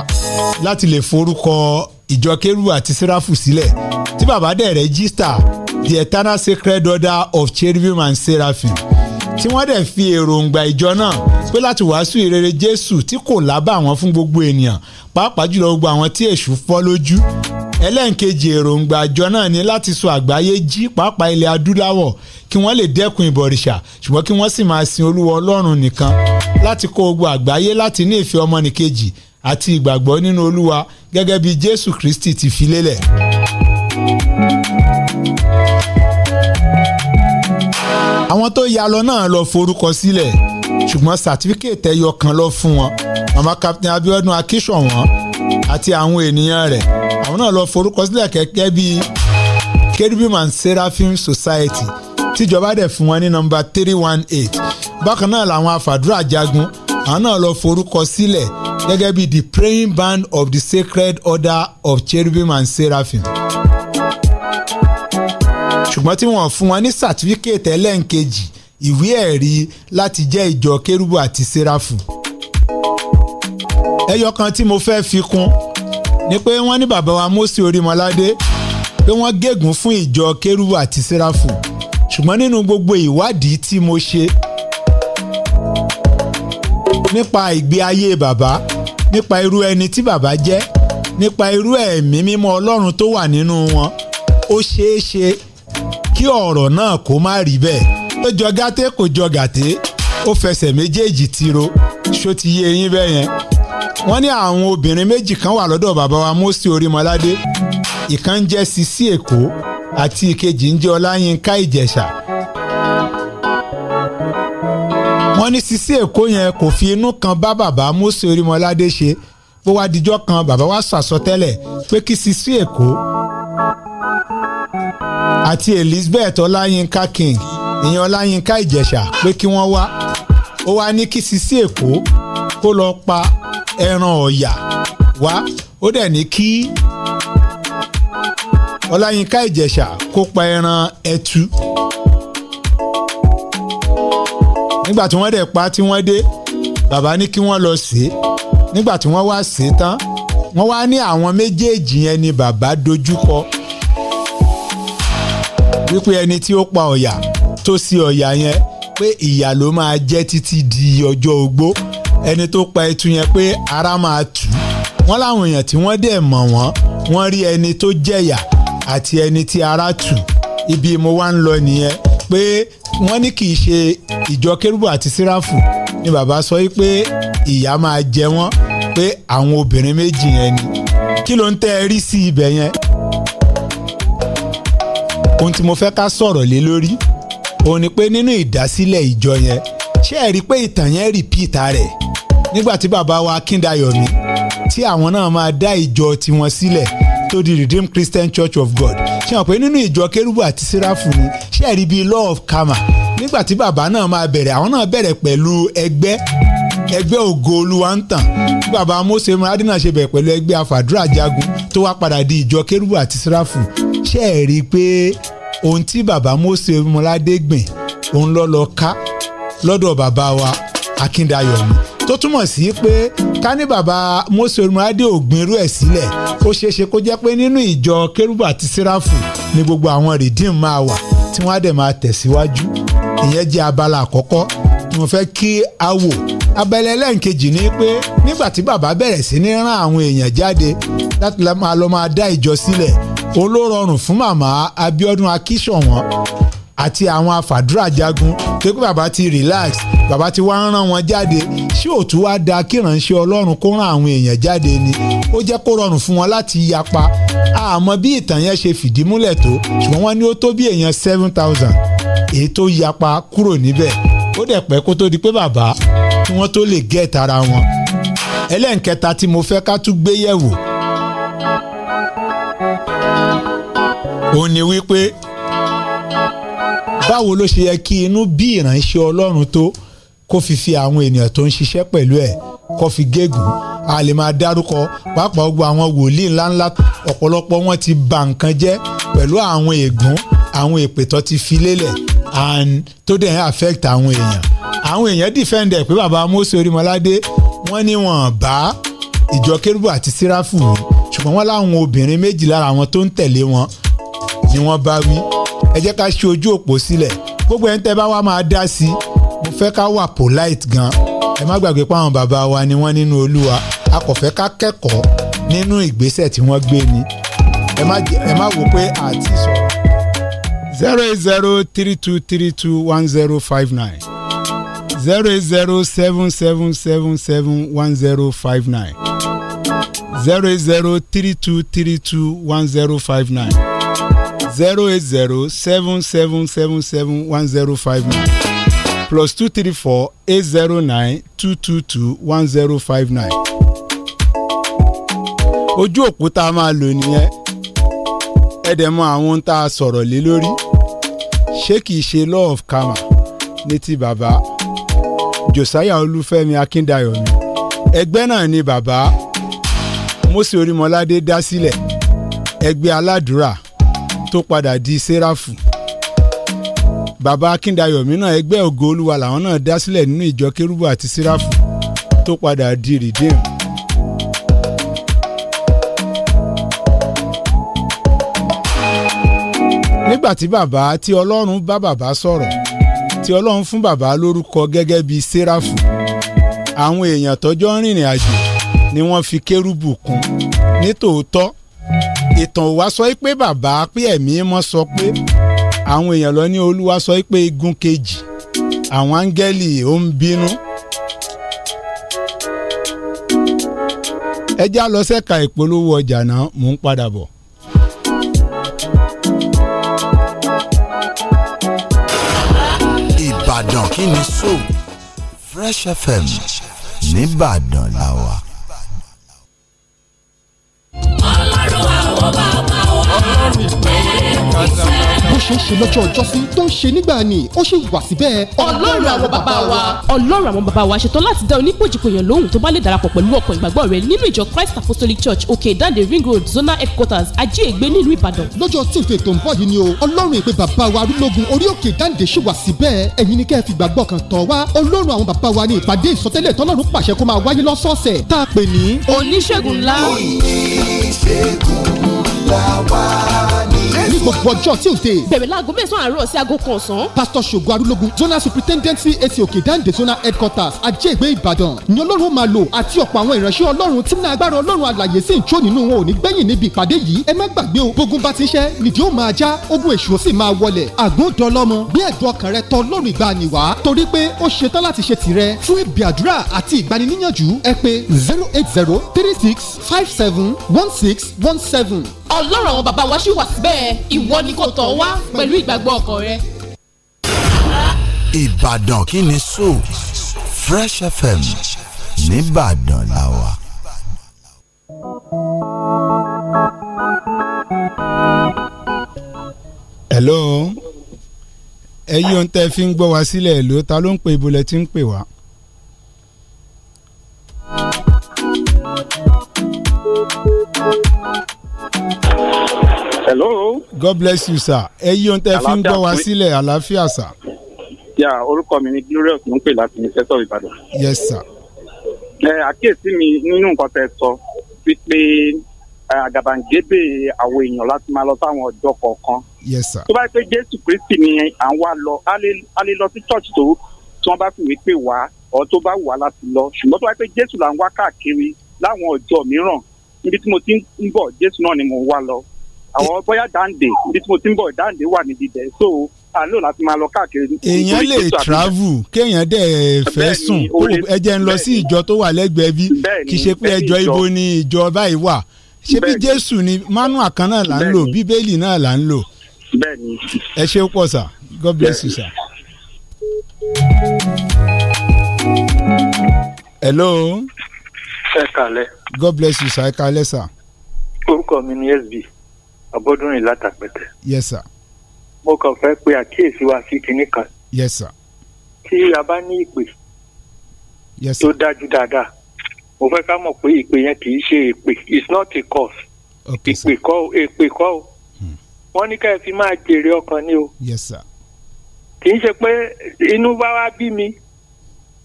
láti lè forúkọ ìjọ Kérù àti Séráfù sílẹ̀ tí bàbá dẹ̀ rẹ́gísítà the eternal sacred order of cherubim and seraphim tí wọ́n dẹ̀ fi èròǹgbà ìjọ náà pé láti wàásù ìrere jésù tí kò lábà wọn fún gbogbo ènìyàn pàápàá jùlọ gbogbo àwọn tí èṣù fọ́ lójú ẹlẹ́ǹkejì èròǹgbà àjọ náà ni láti sọ àgbáyé jí pàápàá ilẹ̀ adúláwọ̀ kí wọ́n lè dẹ́kun ìbọ̀rìṣà ṣùgbọ́n kí wọ́n sì máa sin olúwa ọlọ́run nìkan láti kó gbogbo àgbáyé láti ní ìfẹ́ ọmọnìkejì àti ìgbàgbọ́ nínú olúwa gẹ́gẹ́ bí jésù kristi ti fi àwọn tó ya lọ náà lọ forúkọ sílẹ̀ ṣùgbọ́n sàtífíkètì ẹyọ kan lọ fún wọn màmá captain Abíọ́dún Akíṣọ̀wọ́n àti àwọn ènìyàn rẹ̀ àwọn náà lọ forúkọ sílẹ̀ gẹ́gẹ́ bí Cherubim and Seraphim Society tíjọba dẹ̀ fún wọn ní nọ́mbà three one eight bákan náà làwọn àfàdúrà jagun àwọn náà lọ forúkọ sílẹ̀ gẹ́gẹ́ bí the praying band of the sacred order of Cherubim and Seraphim ṣùgbọ́n tí wọ́n fún wọn ní sàtífíkètì ẹlẹ́ǹkejì ìwé ẹ̀rí láti jẹ́ ìjọ kérúbù àti séráfù. ẹyọ kan tí mo fẹ́ fi kún ni pé wọ́n ní bàbá wa Mósè Orímọládé pé wọ́n gégùn fún ìjọ kérúbù àti séráfù ṣùgbọ́n nínú gbogbo ìwádìí tí mo ṣe nípa ìgbé ayé bàbá nípa irú ẹni tí bàbá jẹ́ nípa irú ẹ̀mí mímọ́ Ọlọ́run tó wà nínú wọn ó ṣeé kí ọ̀rọ̀ náà kó má rí bẹ́ẹ̀ ó jọ gàté kò jọ gàté ó fẹsẹ̀ méjèèjì tiro ṣó ti yé eyín bẹ́ẹ̀ yẹn wọ́n ní àwọn obìnrin méjì kan wà lọ́dọ̀ bàbá wa Mósè Orímọládé ìkan ń jẹ́ Sisi Èkó àti ìkejì ń jẹ́ Ọláyínká Ìjẹ̀ṣà wọ́n ní Sisi Èkó yẹn kò fi inú kan bá bàbá Mósè Orímọládé ṣe bó wá dijọ́ kan bàbá wa sọ àsọtẹ́lẹ̀ pé kí Sisi Èkó àti Elizabeth Ọláyínká King ìyẹn Ọláyínká Ìjẹ̀ṣà pé kí wọ́n wá ó wá ní kí Sisi Èkó kó lọ pa ẹran ọ̀yà wá ó dẹ̀ ní kí Ọláyínká Ìjẹ̀ṣà kó pa ẹran ẹtu nígbà tí wọ́n dẹ̀ pa tí wọ́n dé bàbá ní kí wọ́n lọ sí nígbà tí wọ́n wá sí tán wọ́n wá ní àwọn méjèèjì yẹn ni bàbá dojúkọ wípé ẹni tí ó pa ọ̀yà tó sí ọ̀yà yẹn pé ìyà ló máa jẹ́ títí di ọjọ́ ogbó ẹni tó pa ẹtu yẹn pé ara máa tù wọ́n láwọn èèyàn tí wọ́n dẹ̀ mọ̀ wọ́n wọ́n rí ẹni tó jẹ̀yà àti ẹni tí ara tù ibi mo wá ń lọ nìyẹn pé wọ́n ní kì í ṣe ìjọ kérúbù àti síráfù ni bàbá sọ yìí pé ìyà máa jẹ wọ́n pé àwọn obìnrin méjì yẹn ni kí ló ń tẹ́ ẹ rí sí ibẹ̀ yẹn ohun tí mo fẹ́ ká sọ̀rọ̀ lé lórí òun ni pé nínú ìdásílẹ̀ ìjọ yẹn ṣé ẹ rí i pé ìtàn yẹn rìpíìtà rẹ̀ nígbà tí bàbá wa Akíndayọ̀mí tí àwọn náà máa dá ìjọ tiwọn sílẹ̀ tó di Redeemed Christian Church of God ṣé wọn pé nínú ìjọ kérúbù àti síráfù ni ṣé ẹ rí bíi law of karma nígbà tí bàbá náà máa bẹ̀rẹ̀ àwọn náà bẹ̀rẹ̀ pẹ̀lú ẹgbẹ́ ẹgbẹ́ ògo olúwa ń tàn tí bàbá Mósè Múradínà ṣe bẹ̀rẹ̀ pẹ̀lú ẹgbẹ́ àfàdúrà jagun tó wá padà di ìjọ kérúbù àti síráfù ṣe é rí i pé ohun tí bàbá Mósè Ọmọládé gbìn òun lọ lọ ká lọ́dọ̀ bàbá wa Akíndayọ̀ ni tó túmọ̀ sí pé ká ní bàbá Mósè Ọmọládé ò gbin irú ẹ̀ sílẹ̀ ó ṣeé ṣe kó jẹ́ pé nínú ìjọ Kérúbù àti Séráfù ni gbogbo àwọn rìdíìmù máa wà tí wọ́n á dẹ̀ máa tẹ̀síwájú ìyẹn jẹ́ abala àkọ́kọ́ tí mo fẹ́ kí a wò abẹ́lẹ́ lẹ́ǹkejì ni pé nígbà tí bàbá bẹ̀rẹ̀ sí ní rán àwọn èèyàn jáde láti máa lọ máa dá ìjọ sílẹ̀ olórọrùn fún màmá Abíọ́dún Akíṣọ̀wọ́n àti àwọn afàdúrà jagun pé bàbá ti relax bàbá ti wá ń rán wọn jáde ṣé òtún wá da kíránṣẹ́ Ọlọ́run kó rán àwọn èèyàn jáde ni ó jẹ́ kó rọrùn fún wọn láti yapa àmọ́ bí ìtàn yẹn ṣe fìdí múlẹ̀ tó ṣùgbọ́n wọ́n ní ó tó bí èèyàn seven thousand èyí tó yapa kúrò níbẹ̀ ó dẹ̀ pẹ́ kó tó di pé bàbá kí wọ́n tó lè gẹ̀ẹ́tara wọn ẹlẹ́nkẹta tí mo fẹ́ ká tún gbé yẹ̀wò ó ní wípé báwo ló ṣe yẹ kí inú bí ìránṣẹ́ Ọlọ́run tó kó fi fi àwọn ènìyàn tó ń ṣiṣẹ́ pẹ̀lú ẹ̀ kó fi gégùn a lè máa dárúkọ pàápàá gbogbo àwọn wòlíì ńláńlá ọ̀pọ̀lọpọ̀ wọn ti bà nǹkan jẹ́ pẹ̀lú àwọn ègún àwọn èpè ti fi lélẹ̀ and tó dẹ̀ ń affect àwọn èèyàn àwọn èèyàn defend ẹ̀ pé bàbá Mósè Orímọládé wọ́n ní wọ́n bá ìjọ kérúbù àti síráfù ṣùgbọ́n wọ́n láwọn obìnrin méjì lára àwọn tó ń tẹ̀lé wọn ni wọ́n bá wí ẹ jẹ́ ká ṣe ojú òpó sílẹ̀ gbogbo ẹni tẹ́ bá wá máa dá sí i mo fẹ́ ká wà polite gan ẹ má gbàgbé pé àwọn bàbá wa ni wọ́n nínú olúwa a kò fẹ́ ká kẹ́kọ̀ọ́ nínú ìgbésẹ̀ tí wọ́n gbé ni ẹ má wò pé àti sọ. zero eight zero three two three two one zero five nine zero eight zero seven seven seven seven one zero five nine zero eight zero three two three two one zero five nine zero eight zero seven seven seven seven one zero five nine plus two three four eight zero nine two two two one zero five nine. ojú òpó tá a máa lò nìyẹn ẹ àwọn tá a sọ̀rọ̀ lé lórí ṣé kìí ṣe law of karma ní ti bàbá Josiah Olúfẹ́mi Akíndayọ̀ mi ẹgbẹ́ náà ni bàbá Mósè Orímọládé dá sílẹ̀ ẹgbẹ́ aládùúrà tó padà di sẹ́ráfù bàbá akíndayọ̀ mìíràn ẹgbẹ́ ògo olúwa làwọn náà dá sílẹ̀ nínú ìjọ kérúbù àti sẹ́ráfù tó padà di rìdíìmù. nígbà tí bàbá tí ọlọ́run bá bàbá sọ̀rọ̀ tí ọlọ́run fún bàbá lórúkọ gẹ́gẹ́ bí sẹ́ráfù àwọn èèyàn tọ́jọ́ rìnrìn àjò ni wọ́n fi kérúbù kún nítòótọ́ ìtàn ò wá sọ pé bàbá pé ẹ̀mí mọ́ sọ pé àwọn èèyàn lọ ní olúwa sọ pé igun kejì àwọn áńgẹ́lì ó ń bínú. ẹ já lọ sẹ́ka ìpolówó ọjà náà mò ń padà bọ̀. Ìbàdàn kí ni so Fresh FM nìbàdàn làwà. bó ṣe ń ṣe lọ́jọ́ ìjọsí tó ń ṣe nígbà ni ó sì wà síbẹ̀. ọlọ́run àwọn bàbá wa. ọlọ́run àwọn bàbá wa ṣetán láti dá onípojìpòyàn lóhùn tó bá lè darapọ̀ pẹ̀lú ọkọ̀ ìgbàgbọ́ rẹ nínú ìjọ Christ Apostolic Church òkè ìdáǹdè ring road zonal headquarters Ajé-Ègbé nílùú Ìbàdàn. lọ́jọ́ Tuesday tó ń bọ̀ yìí ni o ọlọ́run ìpè bàbá wa arúgbógun orí òkè ìdáǹdè ṣì wà síbẹ̀ ẹ̀yin ni kẹ́ la wà nìyí. ní gbogbo ọjọ́ tuesday. bẹ̀rẹ̀ láago mẹ́sàn-án àárọ̀ sí aago kan ọ̀sán. pastor ṣògo arúlógún zonal superintendency cac òkè dande zonal headquarters ajégbé ìbàdàn ni ọlọ́run máa lò àti ọ̀pọ̀ àwọn ìránṣẹ́ ọlọ́run tí náà agbára ọlọ́run àlàyé sì ń jó nínú wọn ò ní gbẹ̀yìn níbi ìpàdé yìí ẹ má gbàgbé o bógun bá ti ṣẹ́ nìdí ó máa já ogun èṣù ó sì máa wọlẹ̀ àgùndọ̀lọ́mọ bí ẹ̀dùn zero eight zero three six five seven one six one seven ọlọ́run àwọn bàbá wa ṣì wà síbẹ̀ ìwọ ni kò tọ̀ wá pẹ̀lú ìgbàgbọ́ ọkàn rẹ. ìbàdàn kí ni so fresh fm nìbàdàn la wà. hello ẹyí ohun tẹ́ fi ń gbọ́ wá sílẹ̀ èlò ta ló ń pe ibo lẹ ń pè wá. thank you hello. god bless you sir ẹ yí ohun tẹ́ fi ń gbọ́ wa sílẹ̀ àlàáfíà sà. ya orúkọ mi ni glorious ló ń pè láti ní sẹ́tọ̀ ìbàdàn. yes sir. ẹ àkíyèsí mi nínú nǹkan tẹ́ sọ wípé àgàbàǹgebè àwọn èèyàn láti máa lọ sáwọn ọjọ́ kọ̀ọ̀kan. yes sir. tó bá pé jésù kristi ni à ń wá lọ a lè lọ sí church tó tí wọ́n bá fi wípé wá ọ tó bá wà láti lọ ṣùgbọ́n tó bá pé jésù là ń wá káàkiri láwọn ọjọ́ mìíràn níbi tí mo ti ń bọ̀ jésù náà ni mo ń wá lọ àwọn bóyá dáǹdè níbi tí mo ti ń bọ̀ dáǹdè wà níbi dẹ̀ so à ń láti máa lọ káàkiri. èèyàn lè travel kéèyàn dẹ̀ fẹ́ sùn ẹ jẹ́ ń lọ sí ìjọ tó wà lẹ́gbẹ̀ẹ́ bí kì í ṣe pé ẹjọ́ ibo ni ìjọ báyìí wà ṣé bí jésù ni manua kan náà là ń lò bíbélì náà là ń lò. ẹ ṣe pọ̀ sà god bless you sir. hello. ẹ kàlẹ́. God bless you sir ẹ káalẹ́ sir. orúkọ mi ni SB Abọ́dúnrin látàpẹ̀tẹ̀. yes sir. mo kàn fẹ́ pe àkíyèsí wa sí kinní kan. yes sir. tí a bá ní ìpè. yes sir. tó dájú dáadáa mo fẹ́ ká mọ̀ pé ìpè yẹn kì í ṣe ìpè it's not a cause. okay sir ìpè kọ́ ìpè kọ́ o. Hmm. wọ́n ní ká ẹ fi máa jèrè ọkàn ni o. yes sir. kì í ṣe pé inú bá wá bí mi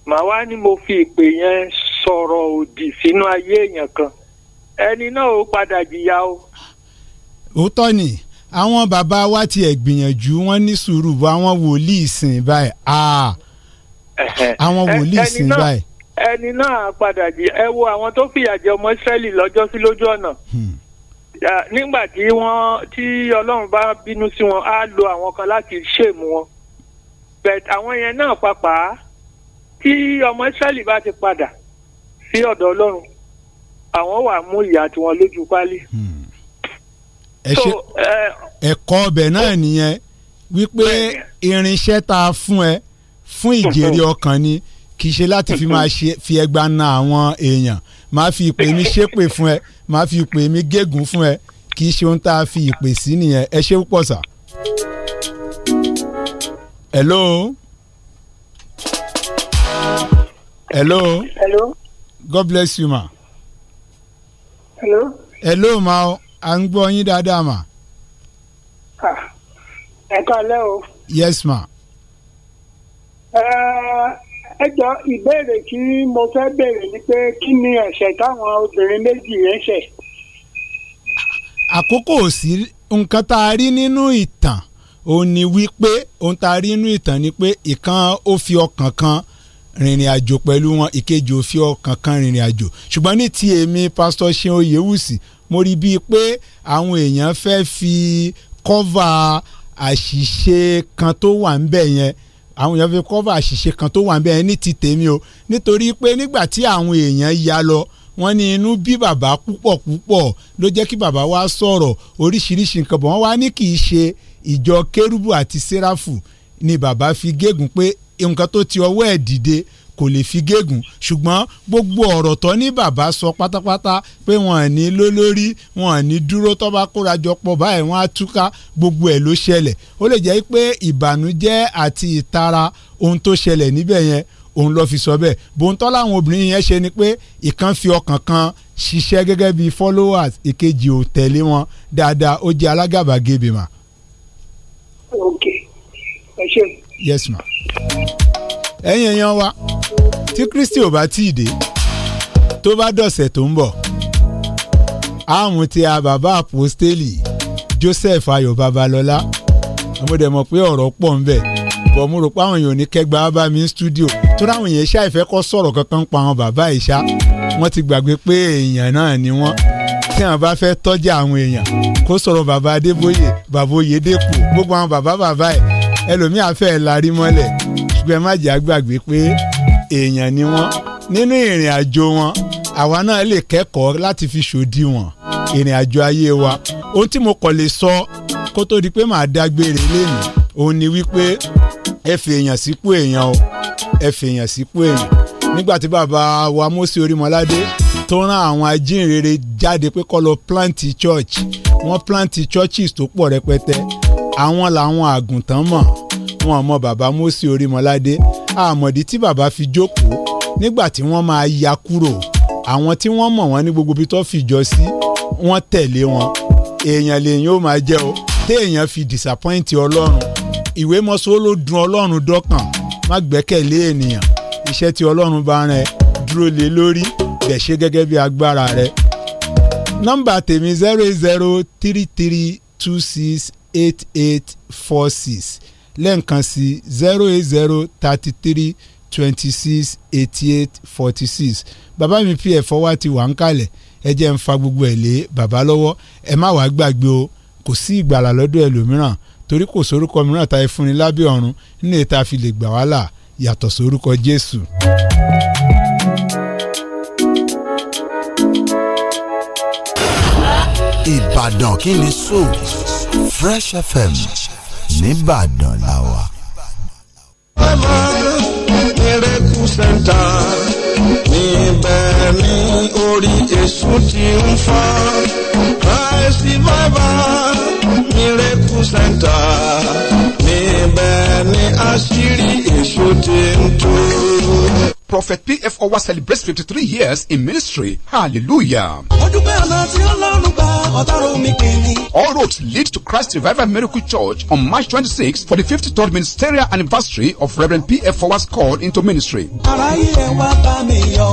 màá wá ní mo fi ìpè yẹn sọ̀rọ̀ òdì sínú ayé èèyàn kan ẹni náà ó padà jìyà o. òótọ́ ni àwọn bàbá wa tiẹ̀ gbìyànjú wọ́n ní sùúrù bọ́ àwọn wòlíì sìn báyìí ah! àwọn wòlíì sìn báyìí. ẹni náà padà jìyà ẹ wo àwọn tó fìyà jẹ ọmọ Ísírẹ́lì lọ́jọ́ sí lójú ọ̀nà hmm. nígbà tí wọ́n tí Ọlọ́run bá bínú sí wọn á lo àwọn kan láti ṣèmú wọn bẹ̀t àwọn yẹn náà pàápàá tí ọmọ Ísírẹ́lì bá ti padà sí ọ̀dọ̀ ọlọ́run àwọn wà mú ìyà tiwọn lójú pálí. Hmm. ẹ̀kọ́ ọbẹ̀ náà nìyẹn wípé irinṣẹ́ tá a fún ẹ fún ìjèrè ọkàn ni kì í ṣe láti fi máa fi ẹgba na àwọn èèyàn máa fi ìpè mi ṣépè fún ẹ máa fi ìpè mi gégùn fún ẹ kì í ṣe ohun tá a fi ìpè sí nìyẹn ẹ ṣé púpọ̀ sà. hello. hello. hello. God bless you ma. hello. hello ma o à ń gbọ́ yín dáadáa ma. ẹ kálẹ́ o. yes ma. ẹ jọ ìbéèrè tí mo fẹ́ béèrè ni pé kí ni ẹ̀ṣẹ̀ táwọn obìnrin méjì yẹn ṣẹ̀. àkókò sí nǹkan tá a rí nínú ìtàn òun ni wípé òun tá a rí nínú ìtàn ni pé ìkan ó fi ọkàn kan. kan rìnrìn àjò pẹ̀lú wọn ìkejì ò fi ọkàn kan rìnrìn àjò ṣùgbọ́n ní ti èmi pásítọ̀ ṣeun oyèwùsì mo rí bíi pé àwọn èèyàn fẹ́ fi kọ́va àṣìṣe kan tó wà ń bẹ̀ yẹn àwọn èèyàn fi kọ́va àṣìṣe kan tó wà ń bẹ̀ yẹn ní ti tèmi o nítorí pé nígbà tí àwọn èèyàn ya lọ wọ́n ní inú bí bàbá púpọ̀ púpọ̀ ló jẹ́ kí bàbá wa sọ̀rọ̀ oríṣiríṣi nǹkan bọ̀ wọ́n wá ní kì í ṣe ìjọ kérúbù àti séráfù ni bàbá fi gégùn pé nǹkan tó ti ọwọ́ ẹ̀ dìde kò lè fi gégùn ṣùgbọ́n gbogbo ọ̀rọ̀ tó ní bàbá sọ pátápátá pé wọ́n ní lólórí wọ́n ní dúró tó bá kóra jọ pọ̀ báyìí wọ́n á túká gbogbo ẹ̀ ló ṣẹlẹ̀ ó lè jẹ́ pé ìbànújẹ́ àti ìtara ohun tó ṣẹlẹ̀ níbẹ̀ yẹn òun ló fi sọ bẹ́ẹ̀ bòńtọ́ láwọn obìnrin yẹn ṣe ni pé ìkan fi ọkàn kan ṣiṣẹ́ gẹ́gẹ́ bíi followers ìkejì ò tẹ̀lé wọn dáadáa ó jẹ́ alágàbàgebè ok ẹ ṣeun yes ma ẹ̀yin èèyàn wa tí Kristi ò bá tí ì dé tó bá dọ̀sẹ̀ tó ń bọ̀ àmú a bàbá àpòstélì Joseph Ayọ̀ Babalọ́lá mo dẹ̀ mọ̀ pé ọ̀rọ̀ pọ̀ ń bẹ bọ̀ mo rò pé àwọn èèyàn ò ní kẹgbà bá mi ní stúdíò tó ráwọn èèyàn ṣáà ìfẹ́ kọ́ sọ̀rọ̀ kankan pa àwọn bàbá ìṣá wọ́n ti gbàgbé pé èèyàn náà ni wọ́n tí àwọn bá fẹ́ tọ́jà àwọn èèyàn kó sọ̀rọ̀ bàbá Adébóyè bàbá Oyèdèpọ̀ gbogbo àwọn bàbá bàbá ẹ̀ ẹlòmíì afẹ́ larí mọ́lẹ̀ ṣùgbọ́n ẹ má jẹ́ àgbàgbé pé èèyàn ni wọ́n nínú ìrìn àjò wọn àwa náà lè kẹ́kọ̀ọ́ láti fi ṣòdiwọ̀n ìrìn àjò ayé wa ohun tí mo kọ̀ lè sọ kó tó di pé màá dágbére lẹ́nu òun ni wípé ẹ fi èèyàn sípò èèyàn o ẹ fi èèyàn sípò èèyàn nígbà tí bàbá wa Mósè Orímọládé tó rán àwọn ajínrere jáde pé kó lọ plant church wọ́n plant churches tó pọ̀ rẹpẹtẹ àwọn làwọn àgùntàn mọ̀ wọn mọ bàbá Mósè Orímọládé àmọ̀dí tí bàbá fi jókòó nígbà tí wọ́n máa ya kúrò àwọn tí wọ́n mọ̀ wọ́n ní gbogbo ibi tó fìjọ sí wọ́n tẹ̀lé wọn èèyàn lèèyàn ó máa jẹ́ o téèyàn fi disappoint Ọlọ́run ìwé mọ́sọ́ ló dùn Ọlọ́run dọ́kàn má gbẹ́kẹ̀lé ènìyàn iṣẹ́ tí Ọlọ́run bá rẹ dúró lé lórí dẹ̀ ṣe gẹ́gẹ́ bí agbára rẹ. nọ́mbà tèmi zero eight zero three three two six eight eight four six lẹ́ǹkan sí zero eight zero thirty three twenty six eighty eight forty six bàbá mi pf fọwọ́ ti wà ń kalẹ̀ ẹ jẹ́ ń fa gbogbo ẹ̀ lé bàbá lọ́wọ́ ẹ má wàá gbàgbé o kò sí ìgbàlà lọ́dọ̀ ẹlòmíràn torí kò sórúkọ mìíràn tá a lábẹ́ ọ̀run nínú ètò àfi lè gbà wá yàtọ̀ sórúkọ Jésù. Ìbàdàn kí ni sóò. Fresh FM nìbàdàn la wà. miracle center níbẹ̀ ni orí èṣù ti ń fọ́ Christ bàbá miracle center níbẹ̀ ni àṣírí èṣù ti ń tú prophet pf Owa celebrates fifty three years in ministry hallelujah. ọdún bẹ́ẹ̀ náà tí ọlọ́run bá ọ̀tàrọ̀ mi pè all roads lead to christ revival miracle church on march twenty six for the fifty third ministerial anniversary of reverend pf Owa's call into ministry. aráyé ẹ wá bá mi yọ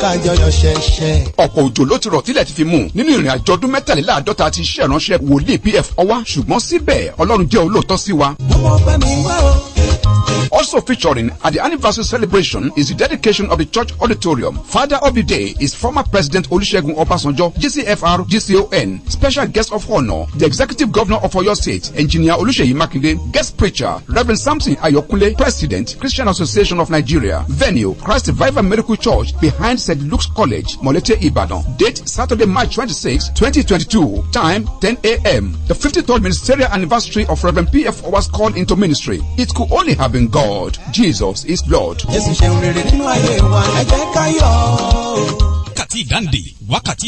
kájọyọ ṣẹṣẹ. ọ̀pọ̀ òjò ló ti rọ̀ tílẹ̀ ti fi mú nínú ìrìn àjọ ọdún mẹ́tàléláàádọ́ta ti iṣẹ́ ìránṣẹ́ wòlíì pf Owa ṣùgbọ́n síbẹ̀ ọlọ́run jẹ́ olóòótọ́ sí wa. ọmọ ọgbẹ́ wá o Also featuring at the anniversary celebration is the dedication of the church auditorium. Father of the day is former President Olusegun Obasanjo, GCFR, GCON. Special guest of honor, the executive governor of Oyo State, Engineer Oluseyi Makinde. Guest preacher, Reverend Samson Ayokule. President, Christian Association of Nigeria. Venue, Christ Revival Miracle Church behind St. Luke's College, Molete Ibadan. Date, Saturday, March 26, 2022. Time, 10 a.m. The 53rd ministerial anniversary of Reverend P.F. was called into ministry. It could only have been God. Jesus is Lord. Jésù ṣeun rere nínú ayé wa ẹ jẹ́ ká yọ̀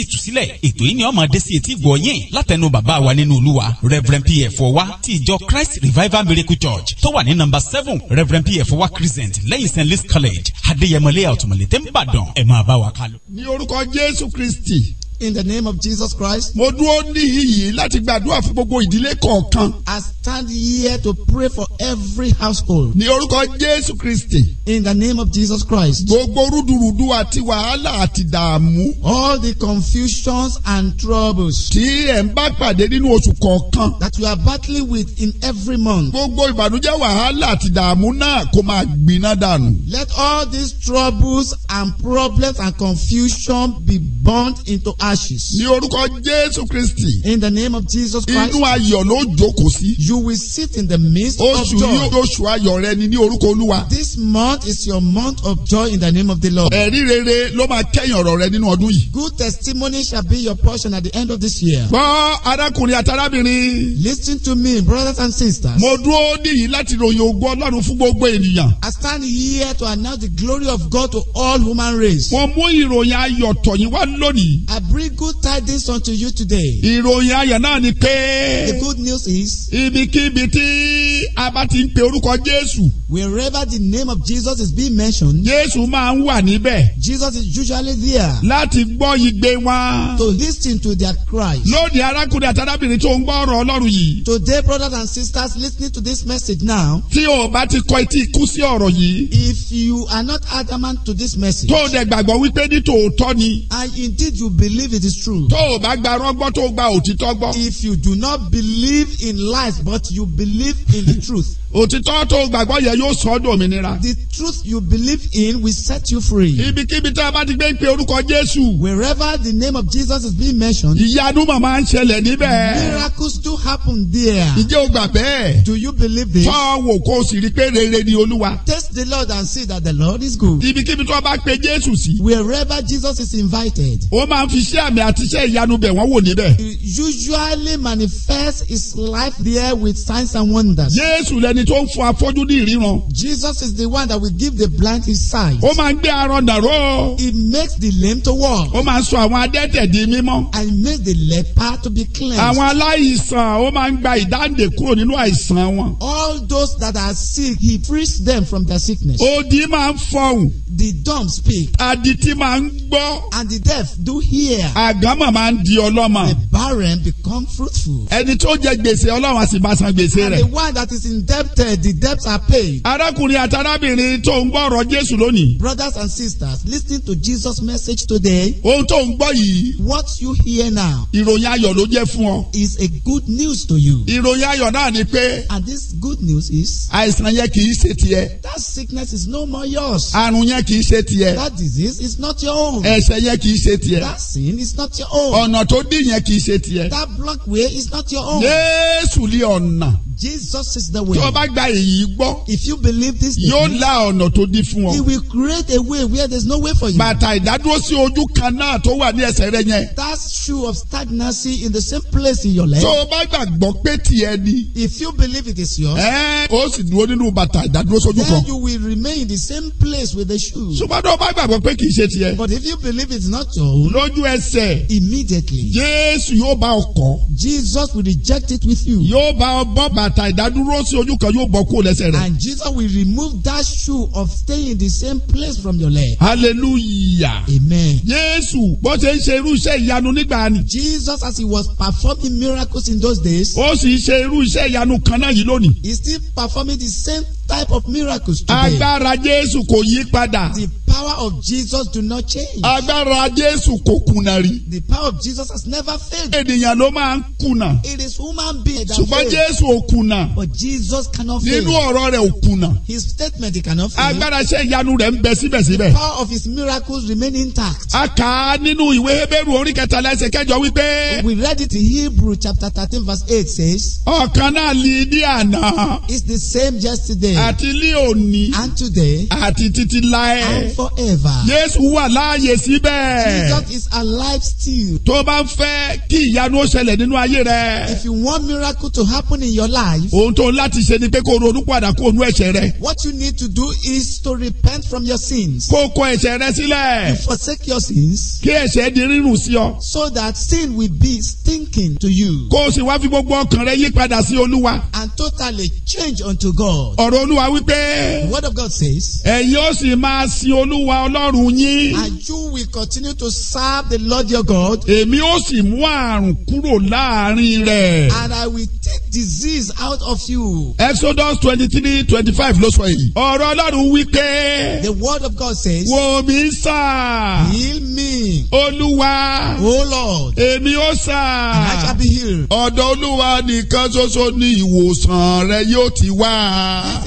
ìtúsílẹ̀ ètò yìí ni ọmọ dé etí gbọ̀ yín látẹnu bàbá wa nínú olúwa reverend pf ọwa ti ìjọ christ revival miracle church tó wà ní nọ́mbà seven reverend pf ọwa crescent lẹ́yìn st louis college adéyẹmọlẹ́yà ọ̀túnmọ̀lẹ́ tẹ́ ń bàdàn ẹ̀ máa bá wa kálọ. ní orúkọ jésù kristi in the name of Jesus Christ. Mo dúró níhìn láti gbàdúrà fún gbogbo ìdílé kọ̀ọ̀kan. I stand here to pray for every household. Ní orúkọ Jésù Kristi. In the name of Jesus Christ. Gbogbo rúdurùdu àti wàhálà àti dààmú. All the confusions and troubles. Tí ẹ̀ ń bá pàdé nínú oṣù kọ̀ọ̀kan. That you are battling with in every month. Gbogbo ìbànújẹ́ wàhálà àti dààmú náà kò máa gbiná dànù. Let all these troubles and problems and confusion be burned into our ashes. Ní orúkọ Jésù Kristi. In the name of Jesus Christ. Inú ayọ̀ ló jókòó sí. You will sit in the midst of joy. Oṣù yóò oṣù ayọ̀ rẹ ni ní orúkọ Olúwa. This month is your month of joy in the name of the Lord. Ẹ̀rí rere ló máa kẹ́yìn ọ̀rọ̀ rẹ nínú ọdún yìí. Good testimony shall be your portion at the end of this year. Gbọ́ arákùnrin àti arábìnrin. Listen to me brothers and sisters. Mo dúró níyì láti ròyìn ògo Ọlọ́run fún gbogbo ènìyàn. I stand here to announce the glory of God to all human race. Mo mú ìròyìn ayọ̀ tọ̀yìn wá lónìí. I bring bring good tidings unto you today. Ìròyìn ayọ̀ náà ni pé. The good news is. Ibikíbi tí a bá ti ń pe orúkọ Jésù. Wherever the name of Jesus is being mentioned. Jésù máa ń wà níbẹ̀. Jesus is usually there. Láti gbọ́ igbe wọn. To listen to their cries. Lónìí arákùnrin àti arábìnrin tó ń gbọ́ ọ̀rọ̀ Ọlọ́run yìí. Today brothers and sisters listening to this message now. Tí o bá ti kọ etí ikú sí ọ̀rọ̀ yìí. If you are not adamant to this message. Tó o dẹ̀ gbàgbọ́ wípé ní tòótọ́ ni. And indeed you believe believe it is true. tó o bá gba rọ́gbọ́ tó o gba òtítọ́ gbọ́. if you do not believe in lies but you believe in the truth. òtítọ́ tó o gbàgbọ́ yẹ yóò sọ ọ́ dòmìnira. the truth you believe in will set you free. ibikíbi tí a bá ti gbé ń orúkọ Jésù. wherever the name of Jesus is being mentioned. ìyanu màmá ń ṣẹlẹ̀ níbẹ̀. miracles do happen there. ǹjẹ́ o gbà bẹ́ẹ̀. do you believe this. fọ́ kó o sì rí pé rere ni Olúwa. test the Lord and see that the Lord is good. ibikíbi tó o bá pe Jésù sí. wherever Jesus is invited. ó máa ń fi ṣe iṣẹ́ àmì àti ìyanu bẹ̀ wọ́n wò níbẹ̀. he usually manifests his life there with signs and wonders. Jésù lẹni tó ń fún afọ́jú ní ìríran. Jesus is the one that will give the blind his sight. Ó máa ń gbé arọ dàró. He makes the lame to walk. Ó máa ń sọ àwọn adẹ́tẹ̀ di mímọ́. And makes the leper to be cleansed. Àwọn aláìsàn ó máa ń gba ìdáǹdè kúrò nínú àìsàn wọn. All those that are sick he frees them from their sickness. Odi máa ń fọhùn. The dumb speak. Adití máa ń gbọ́. And the deaf do hear àgámọ̀ máa ń di ọlọ́mọ. the barren become fruitful. ẹni tó jẹ gbèsè ọlọ́run sì bá san gbèsè rẹ̀. and the one that is indebted the debts are paid. arákùnrin àti arábìnrin tó ń gbọ́ ọ̀rọ̀ Jésù lónìí. brothers and sisters listening to Jesus' message today. ohun tó ń gbọ́ yìí. what you hear now. ìròyìn ayọ̀ ló jẹ́ fún ọ. is a good news to you. ìròyìn ayọ̀ náà ni pé. and this good news is. àìsàn yẹn kì í ṣe tiẹ̀. that sickness is no more yours. àrùn yẹn kì í ṣe tiẹ̀. that disease is not your own. ẹ̀ṣẹ̀ yẹn kì í ṣe tiẹ̀. that sin building is not your own. ọ̀nà tó dì yẹn kì í ṣe tiẹ̀. that block way is not your own. Jésù lé ọ̀nà. Jesus is the way. tí o bá gba èyí gbọ́. if you believe this thing. yóò la ọ̀nà tó di fún ọ. he will create a way where there is no way for you. bàtà ìdádúró sí ojú kan náà tó wà ní ẹsẹ̀ rẹ yẹn. that shoe of stagnancy in the same place in your life. tó o bá gbàgbọ́ pé tiẹ̀ ni. if you believe it is yours. ẹ o sì dúró nínú bàtà ìdádúró sójú kan. then you will remain in the same place with the shoe. ṣùgbọ́n tó o bá gbàgbọ́ pé kì í ṣe tiẹ̀. but if you believe it's not your own. lójú ẹsẹ̀ lẹ́sẹ̀kẹsẹ̀. immediately. Jésù yóò bá ọ kọ̀. Jesus will reject it with you. Yóò bá ọ bọ́ bàtà ìdádúró sí ojú kan yóò bọ́ kó lẹ́sẹ̀ rẹ̀. and Jesus will remove that shoe of staying in the same place from your leg. hallelujah. amen. Jésù bó ṣe ń ṣe irú iṣẹ́ ìyanu nígbà ni. Jesus as he was performing miracles in those days. ó sì ṣe irú iṣẹ́ ìyanu kan náà yìí lónìí. he still performing the same type of miracles today. agbára Jésù kò yí padà. the power of Jesus do not change. agbára Jésù kò kùnà rí. the power of Jesus has never failed. ènìyàn ló máa ń kùnà. it is human being that fails. ṣùgbọ́n Jésù ò kùnà. but Jesus cannot fail. nínú ọ̀rọ̀ rẹ̀ ò kùnà. his statement he cannot fail. agbára iṣẹ́ ìyanu rẹ̀ ń bẹ síbẹ̀síbẹ̀. the power of his miracles remain intact. a kà á nínú ìwé Hébérù orí kẹtàlá ẹsẹ̀ kẹjọ wípé. we read it in Hebrew chapter thirteen verse eight says. ọ̀kan náà lè ní àná. it's the same yesterday àti ní òní and today àti títí láé and forever. Jésù wà láàyè síbẹ̀. Jesus is alive still. Tó bá ń fẹ́ kí ìyanu ó ṣẹlẹ̀ nínú ayé rẹ. If you want miracle to happen in your life. Ohun tó ń láti ṣe ni pé kó ronú padà kó onú ẹ̀ṣẹ̀ rẹ. What you need to do is to repent from your sins. Kó kọ ẹ̀ṣẹ̀ rẹ sílẹ̀. You forsake your sins. Kí ẹ̀ṣẹ̀ di rírùn sí ọ. So that sin will be stinking to you. Kó o sì wá fi gbogbo ọkàn rẹ yí padà sí Olúwa. And totally change unto God. Ọ̀rọ̀ Olúwa wípé. The word of God says. Ẹ̀yin ó sì máa sin Olúwa Ọlọ́run yín. And you will continue to serve the Lord your God. Èmi ó sì mú àrùn kúrò láàrin rẹ̀. And I will take disease out of you. Exodus twenty-three twenty-five ló sọ èyí. Ọ̀rọ̀ Ọlọ́run wípé. The word of God says. Wò mí sà. Heal me. Olúwa. O Lord. Èmi ó sà. And I shall be healed. Ọ̀dọ̀ Olúwa nìkan ṣoṣo ni ìwòsàn rẹ yóò ti wá.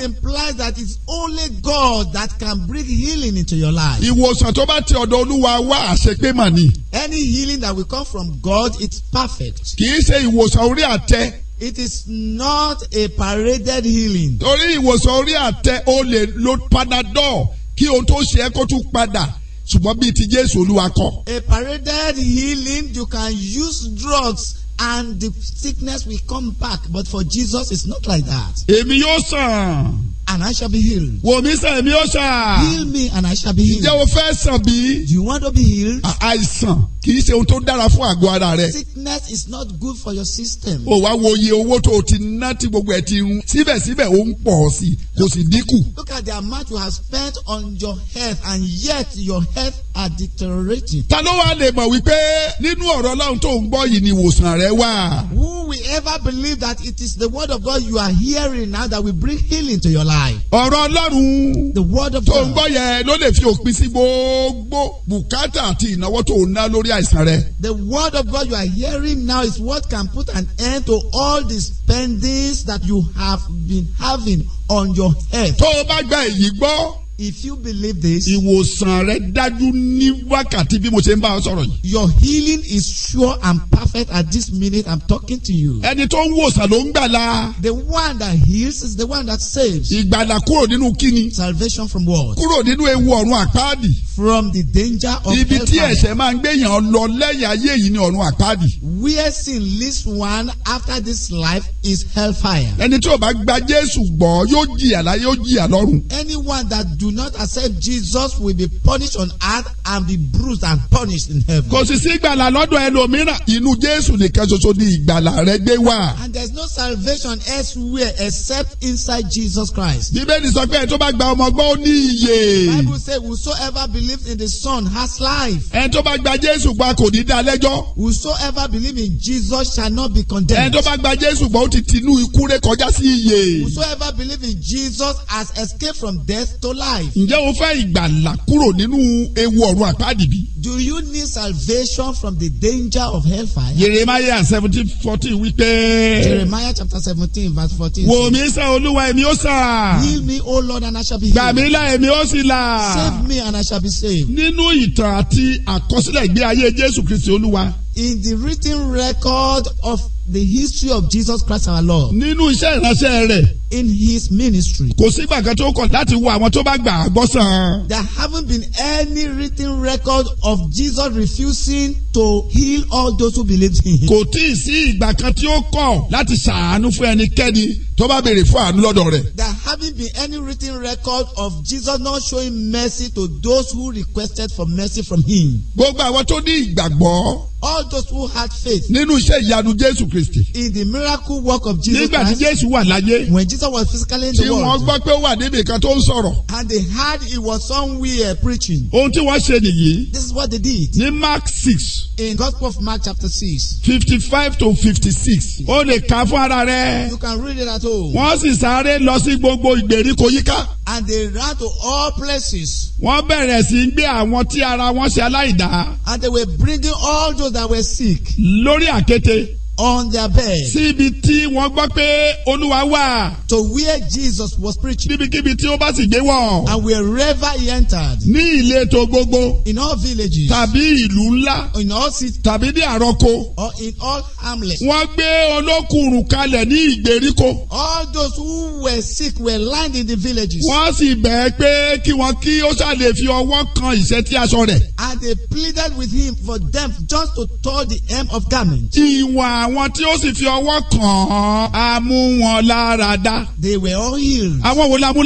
It's implies that it's only God that can bring healing into your life. Ìwòsàn tó bá ti ọ̀dọ̀ Olúwa wá àṣepé mà ni. Any healing that will come from God it's perfect. Kì í ṣe ìwòsàn orí àtẹ. It is not a paraded healing. Torí ìwòsàn orí àtẹ o lè lo Panadol kí ohun tó ṣe ẹ́ kó tún padà ṣùgbọ́n bíi ti Jésù Olúwa kọ́. A paraded healing you can use drugs and the sickness will come back but for Jesus it's not like that. èmi yóò sàn. and I shall be healed. wò mí sàn èmi yóò sàn. heal me and I shall be healed. ǹjẹ́ o fẹ́ sàn bí? do you want to be healed? àìsàn kì ṣe ohun tó dára fún àgọ́ ara rẹ. sickness is not good for your system. o wá wo iye owó tó o ti ná tí gbogbo ẹ̀ ti run síbẹ̀síbẹ̀ ó ń pọ̀ sí i kò sì dínkù. look at the amount you have spent on your health and yet your health are deteriorating. ta ló wá lè mọ̀ wípé nínú ọ̀rọ̀ Ọlọ́run tó ń gbọ́ yìí ni ìwòsàn rẹ wà. who will ever believe that it is the word of God you are hearing now that will bring healing to your life. ọ̀rọ̀ Ọlọ́run. the word of God. tó ń gbọ́ yẹn ló lè fi òpin sí gbogbo bùkátà àti ìnáwó tó ń ná lórí àìsàn rẹ. The word of God you are hearing now is what can put an end to all the spendings that you have been having on your head. tó o bá gba èyí gbọ́. If you believe this. Ìwòsàn rẹ dájú ní wákàtí bí mo ṣe ń bá ọ sọ̀rọ̀ yìí. Your healing is sure and perfect at this minute I'm talking to you. Ẹni tó ń wòsàn ló ń gbàlà. The one that heals is the one that saves. Ìgbàlà kúrò nínú kíni. Salvation from what? Kúrò nínú ewu ọ̀run àpáàdì. From the danger of hellfire. Ibi tí ẹ̀ṣẹ̀ máa ń gbéyàn lọ lẹ́yìn ayé yìí ni ọ̀run àpáàdì. Where sin leads one after this life is hellfire. Ẹni tí ò bá gba Jésù gbọ́ yóò jìyà láyé yóò jìyà lọ́run. Anyone that do not accept Jesus will be punished on earth and be bruised and punished in heaven. Kò sì sí ìgbàlà lọ́dọ̀ ẹlòmíràn. Inú Jésù nìkan ṣoṣo ni ìgbàlà rẹ gbé wá. And there is no salvation elsewhere except inside Jesus Christ. Bíbélì sọ pé ẹ̀ tó bá gba ọmọ gbọ́ ó ní ìyè. Bible says whosoever believes in the son has life. Ẹ̀ tó bá gba Jésù gba kò ní dá lẹ́jọ́. Whosoever believes in Jesus shall not be condemned. Ẹ̀ tó bá gba Jésù gbọ́ ó ti tinú ikú ré kọjá sí ìyè. Whosoever believes in Jesus has escaped from death to life life. ǹjẹ́ o fẹ́ ìgbàlà kúrò nínú ewu ọ̀run àpáàdìbí. do you need salvation from the danger of hellfire. Jeremiah seventeen fourteen wípé. Jeremiah chapter seventeen verse fourteen. wò mí sàn olúwa èmi ó sàn. heal me o lord and I shall be healed. gbà mí èmi ó sì là. save me and I shall be saved. nínú ìtàn àti àkọsílẹ̀ ìgbé ayé Jésù Kristi olúwa. in the written record of the history of Jesus Christ our Lord. nínú iṣẹ́ ìránṣẹ́ rẹ̀ in his ministry. Kò sí gbàgbọ́ tó kọ̀ láti wo àwọn tó bá gbà á gbọ́ sàn. There haven't been any written record of Jesus refusing to heal all those who believed in him. Kò tí ì sí ìgbà kan tí ó kọ̀ láti ṣàánú fún ẹnikẹ́ni tó bá béèrè fún àánú lọ́dọ̀ rẹ̀. There haven't been any written record of Jesus not showing mercy to those who requested for mercy from him. Gbogbo àwọn tó ní ìgbàgbọ́. All those who had faith. Nínú iṣẹ́ ìyanu Jésù Kristi. In the miracle work of Jesus Christ. Nígbà tí Jésù wà láyé. When Jesus pastor was physically in the world. tí wọ́n gbọ́ pé ó wà níbi kan tó ń sọ̀rọ̀. and they heard he was somewhere preaching. ohun tí wọ́n ṣe nìyí. this is what they did. ní Mark six. in Gospel of Mark chapter six. fifty-five to fifty-six. ó lè kà fún ara rẹ. you can read it at home. wọ́n sì sáré lọ sí gbogbo ìgbèríko yíká. and they ran to all places. wọ́n bẹ̀rẹ̀ sí í gbé àwọn tí ara wọn ṣe aláìdá. and they were bringing all those that were sick. lórí àkété on their bed. sí ibi tí wọ́n gbọ́ pé olúwa wà. to where Jesus was preaching. níbikíbi tí ó bá sì gbé wọn. and wherever he entered. ní ìletò gbogbo. in all villages. tàbí ìlú ńlá. in all cities. tàbí ní àrọ́kọ. or in all hamlets. wọ́n gbé olókùnrùn kalẹ̀ ní ìgbèríko. all those who were sick were lined in the villages. wọ́n sì bẹ̀ẹ́ pé kí wọ́n kí ó ṣàlè fi ọwọ́ kan ìṣẹ́tí aṣọ rẹ̀. and they pleaded with him for them just to touch the hem of garment. ìwà àwọn tí ó sì fi ọwọ́ kàn án a they were all healed. àwọn wo la mú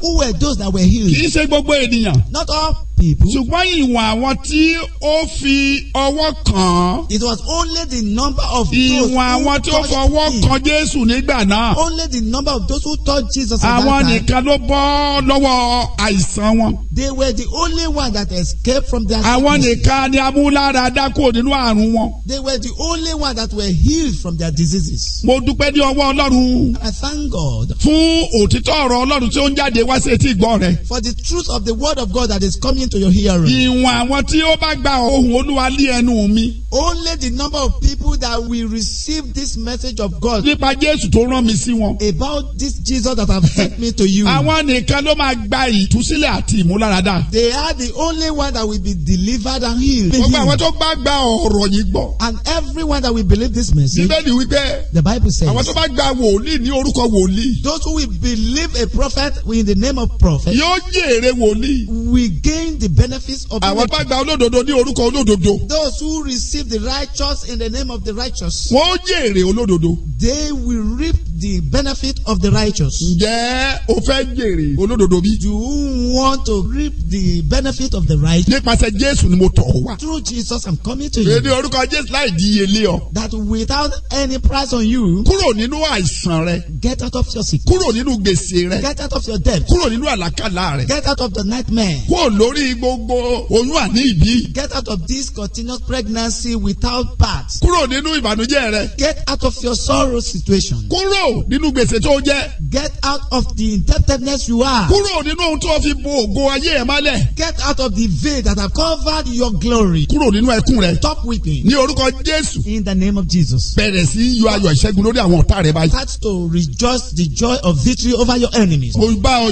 who were those that were healed. kì í ṣe gbogbo ènìyàn. not all people. ṣùgbọ́n ìwọ̀n àwọn tí ó fi ọwọ́ kàn. it was only the number of those who touched him. ìwọ̀n àwọn tí ó fọwọ́ kàn Jésù nígbà náà. only the number of those who touched Jesus at that time. àwọn nìkan ló bọ́ lọ́wọ́ àìsàn wọn. they were the only ones that escaped from their sickness. àwọn nìkan ni amúláradá kúrò nínú àrùn wọn. they were the only ones that were healed from their diseases. Mo dúpẹ́ ní ọwọ́ Ọlọ́run. I thank God. Fún òtítọ́ ọ̀rọ̀ Ọlọ́run tí ó ń jáde wá sí etí ìgbọ́ rẹ. For the truth of the word of God that is coming to your hearing. Ìwọ̀n àwọn tí ó bá gba ohùn Olúwa lé ẹnu mi. Only the number of people that will receive this message of God. Nípa Jésù tó rán mi sí wọn. About this Jesus that have sent me to you. Àwọn nìkan ló máa gba ìtúsílẹ̀ àti ìmúláradá. They are the only one that will be delivered and healed. Gbogbo àwọn tó bá ọ̀rọ̀ yìí gbọ́. And everyone that will believe this this message. Eh, Bíbélì wípé. The Bible says. Àwọn tó bá gba wòlíì ní orúkọ wòlíì. Those who will believe a prophet in the name of prophet. Yóò jèrè wòlíì. Will gain the benefits of. Àwọn tó bá gba olódodo ní orúkọ olódodo. Those who receive the righteous in the name of the righteous. Wọ́n jèrè olódodo. They will reap the benefit of the righteous. Ǹjẹ́ o fẹ́ jèrè olódodo bí? Do you want to reap the benefit of the righteous? Nípasẹ̀ Jésù ni mo tọ̀ wá. Through Jesus I'm coming to you. Èdè orúkọ Jésù láì di iye lé ọ. That will without any price on you. kúrò nínú àìsàn rẹ. get out of your sickness. kúrò nínú gbèsè rẹ. get out of your debt. kúrò nínú àlàkàlà rẹ. get out of the nightmare. kúrò lórí gbogbo oyún àní ìbí. get out of this continuous pregnancy without birth. kúrò nínú ìbànújẹ́ rẹ. get out of your sorrow situation. kúrò nínú gbèsè tó jẹ. get out of the indebtedness you are. kúrò nínú ohun tó fi bo ògo ayé ẹ̀ mọ́lẹ̀. get out of the veil that have covered your glory. kúrò nínú ẹkún rẹ. stop weeping. ní orúkọ Jésù. in the name of Jesus. Jesus. Bẹ̀rẹ̀ sí yọ ayọ̀ ìṣẹ́gun lórí àwọn ọ̀tá rẹ báyìí. Start to rejoice the joy of victory over your enemies. Kò bá ọ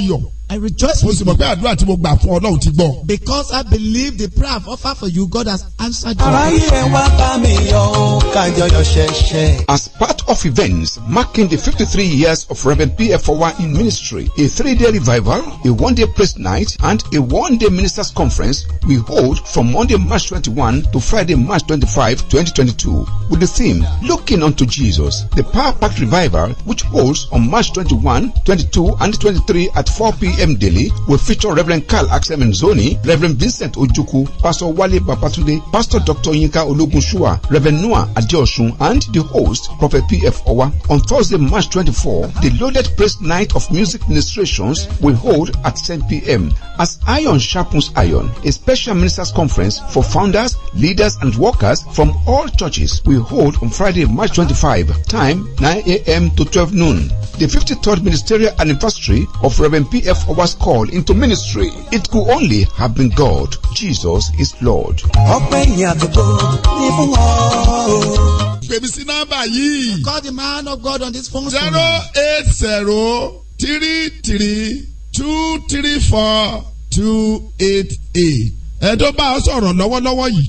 I rejoice with you. Mo àdúrà tí mo gbà fún Ọlọ́run ti gbọ́. Because I believe the prayer I've offered for you, God has answered you. Aráyé wá bá mi yọ̀ kájọyọ̀ ṣẹ̀ṣẹ̀. As part of events marking the fifty-three years of Reverend P.F. Fowa in ministry, a three-day revival, a one-day praise night, and a one-day ministers conference will hold from Monday, March twenty-one to Friday, March twenty-five, twenty twenty-two, with the theme "Looking unto Jesus." The power-packed revival, which holds on March twenty-one, twenty-two, and twenty-three at four p.m. P.M. daily will feature Reverend Carl Axel Menzoni, Reverend Vincent Ojuku, Pastor Wale Babatunde, Pastor Dr. Yinka Ologunshua, Reverend Noah Adeosun, and the host, Prophet P.F. Owa. On Thursday, March 24, the Loaded Praise Night of Music Ministrations will hold at 10 p.m. As Iron Sharpens Iron, a special ministers conference for founders, leaders, and workers from all churches will hold on Friday, March 25, time 9 a.m. to 12 noon. The 53rd ministerial anniversary of Reverend P.F was called into ministry. It could only have been God. Jesus is Lord. ọpẹ́ sí nọ́mbà yìí. call the man of God on this phone. zero eight zero three three two three four two eight eight. ẹ bá a sọ̀rọ̀ lọ́wọ́lọ́wọ́ yìí.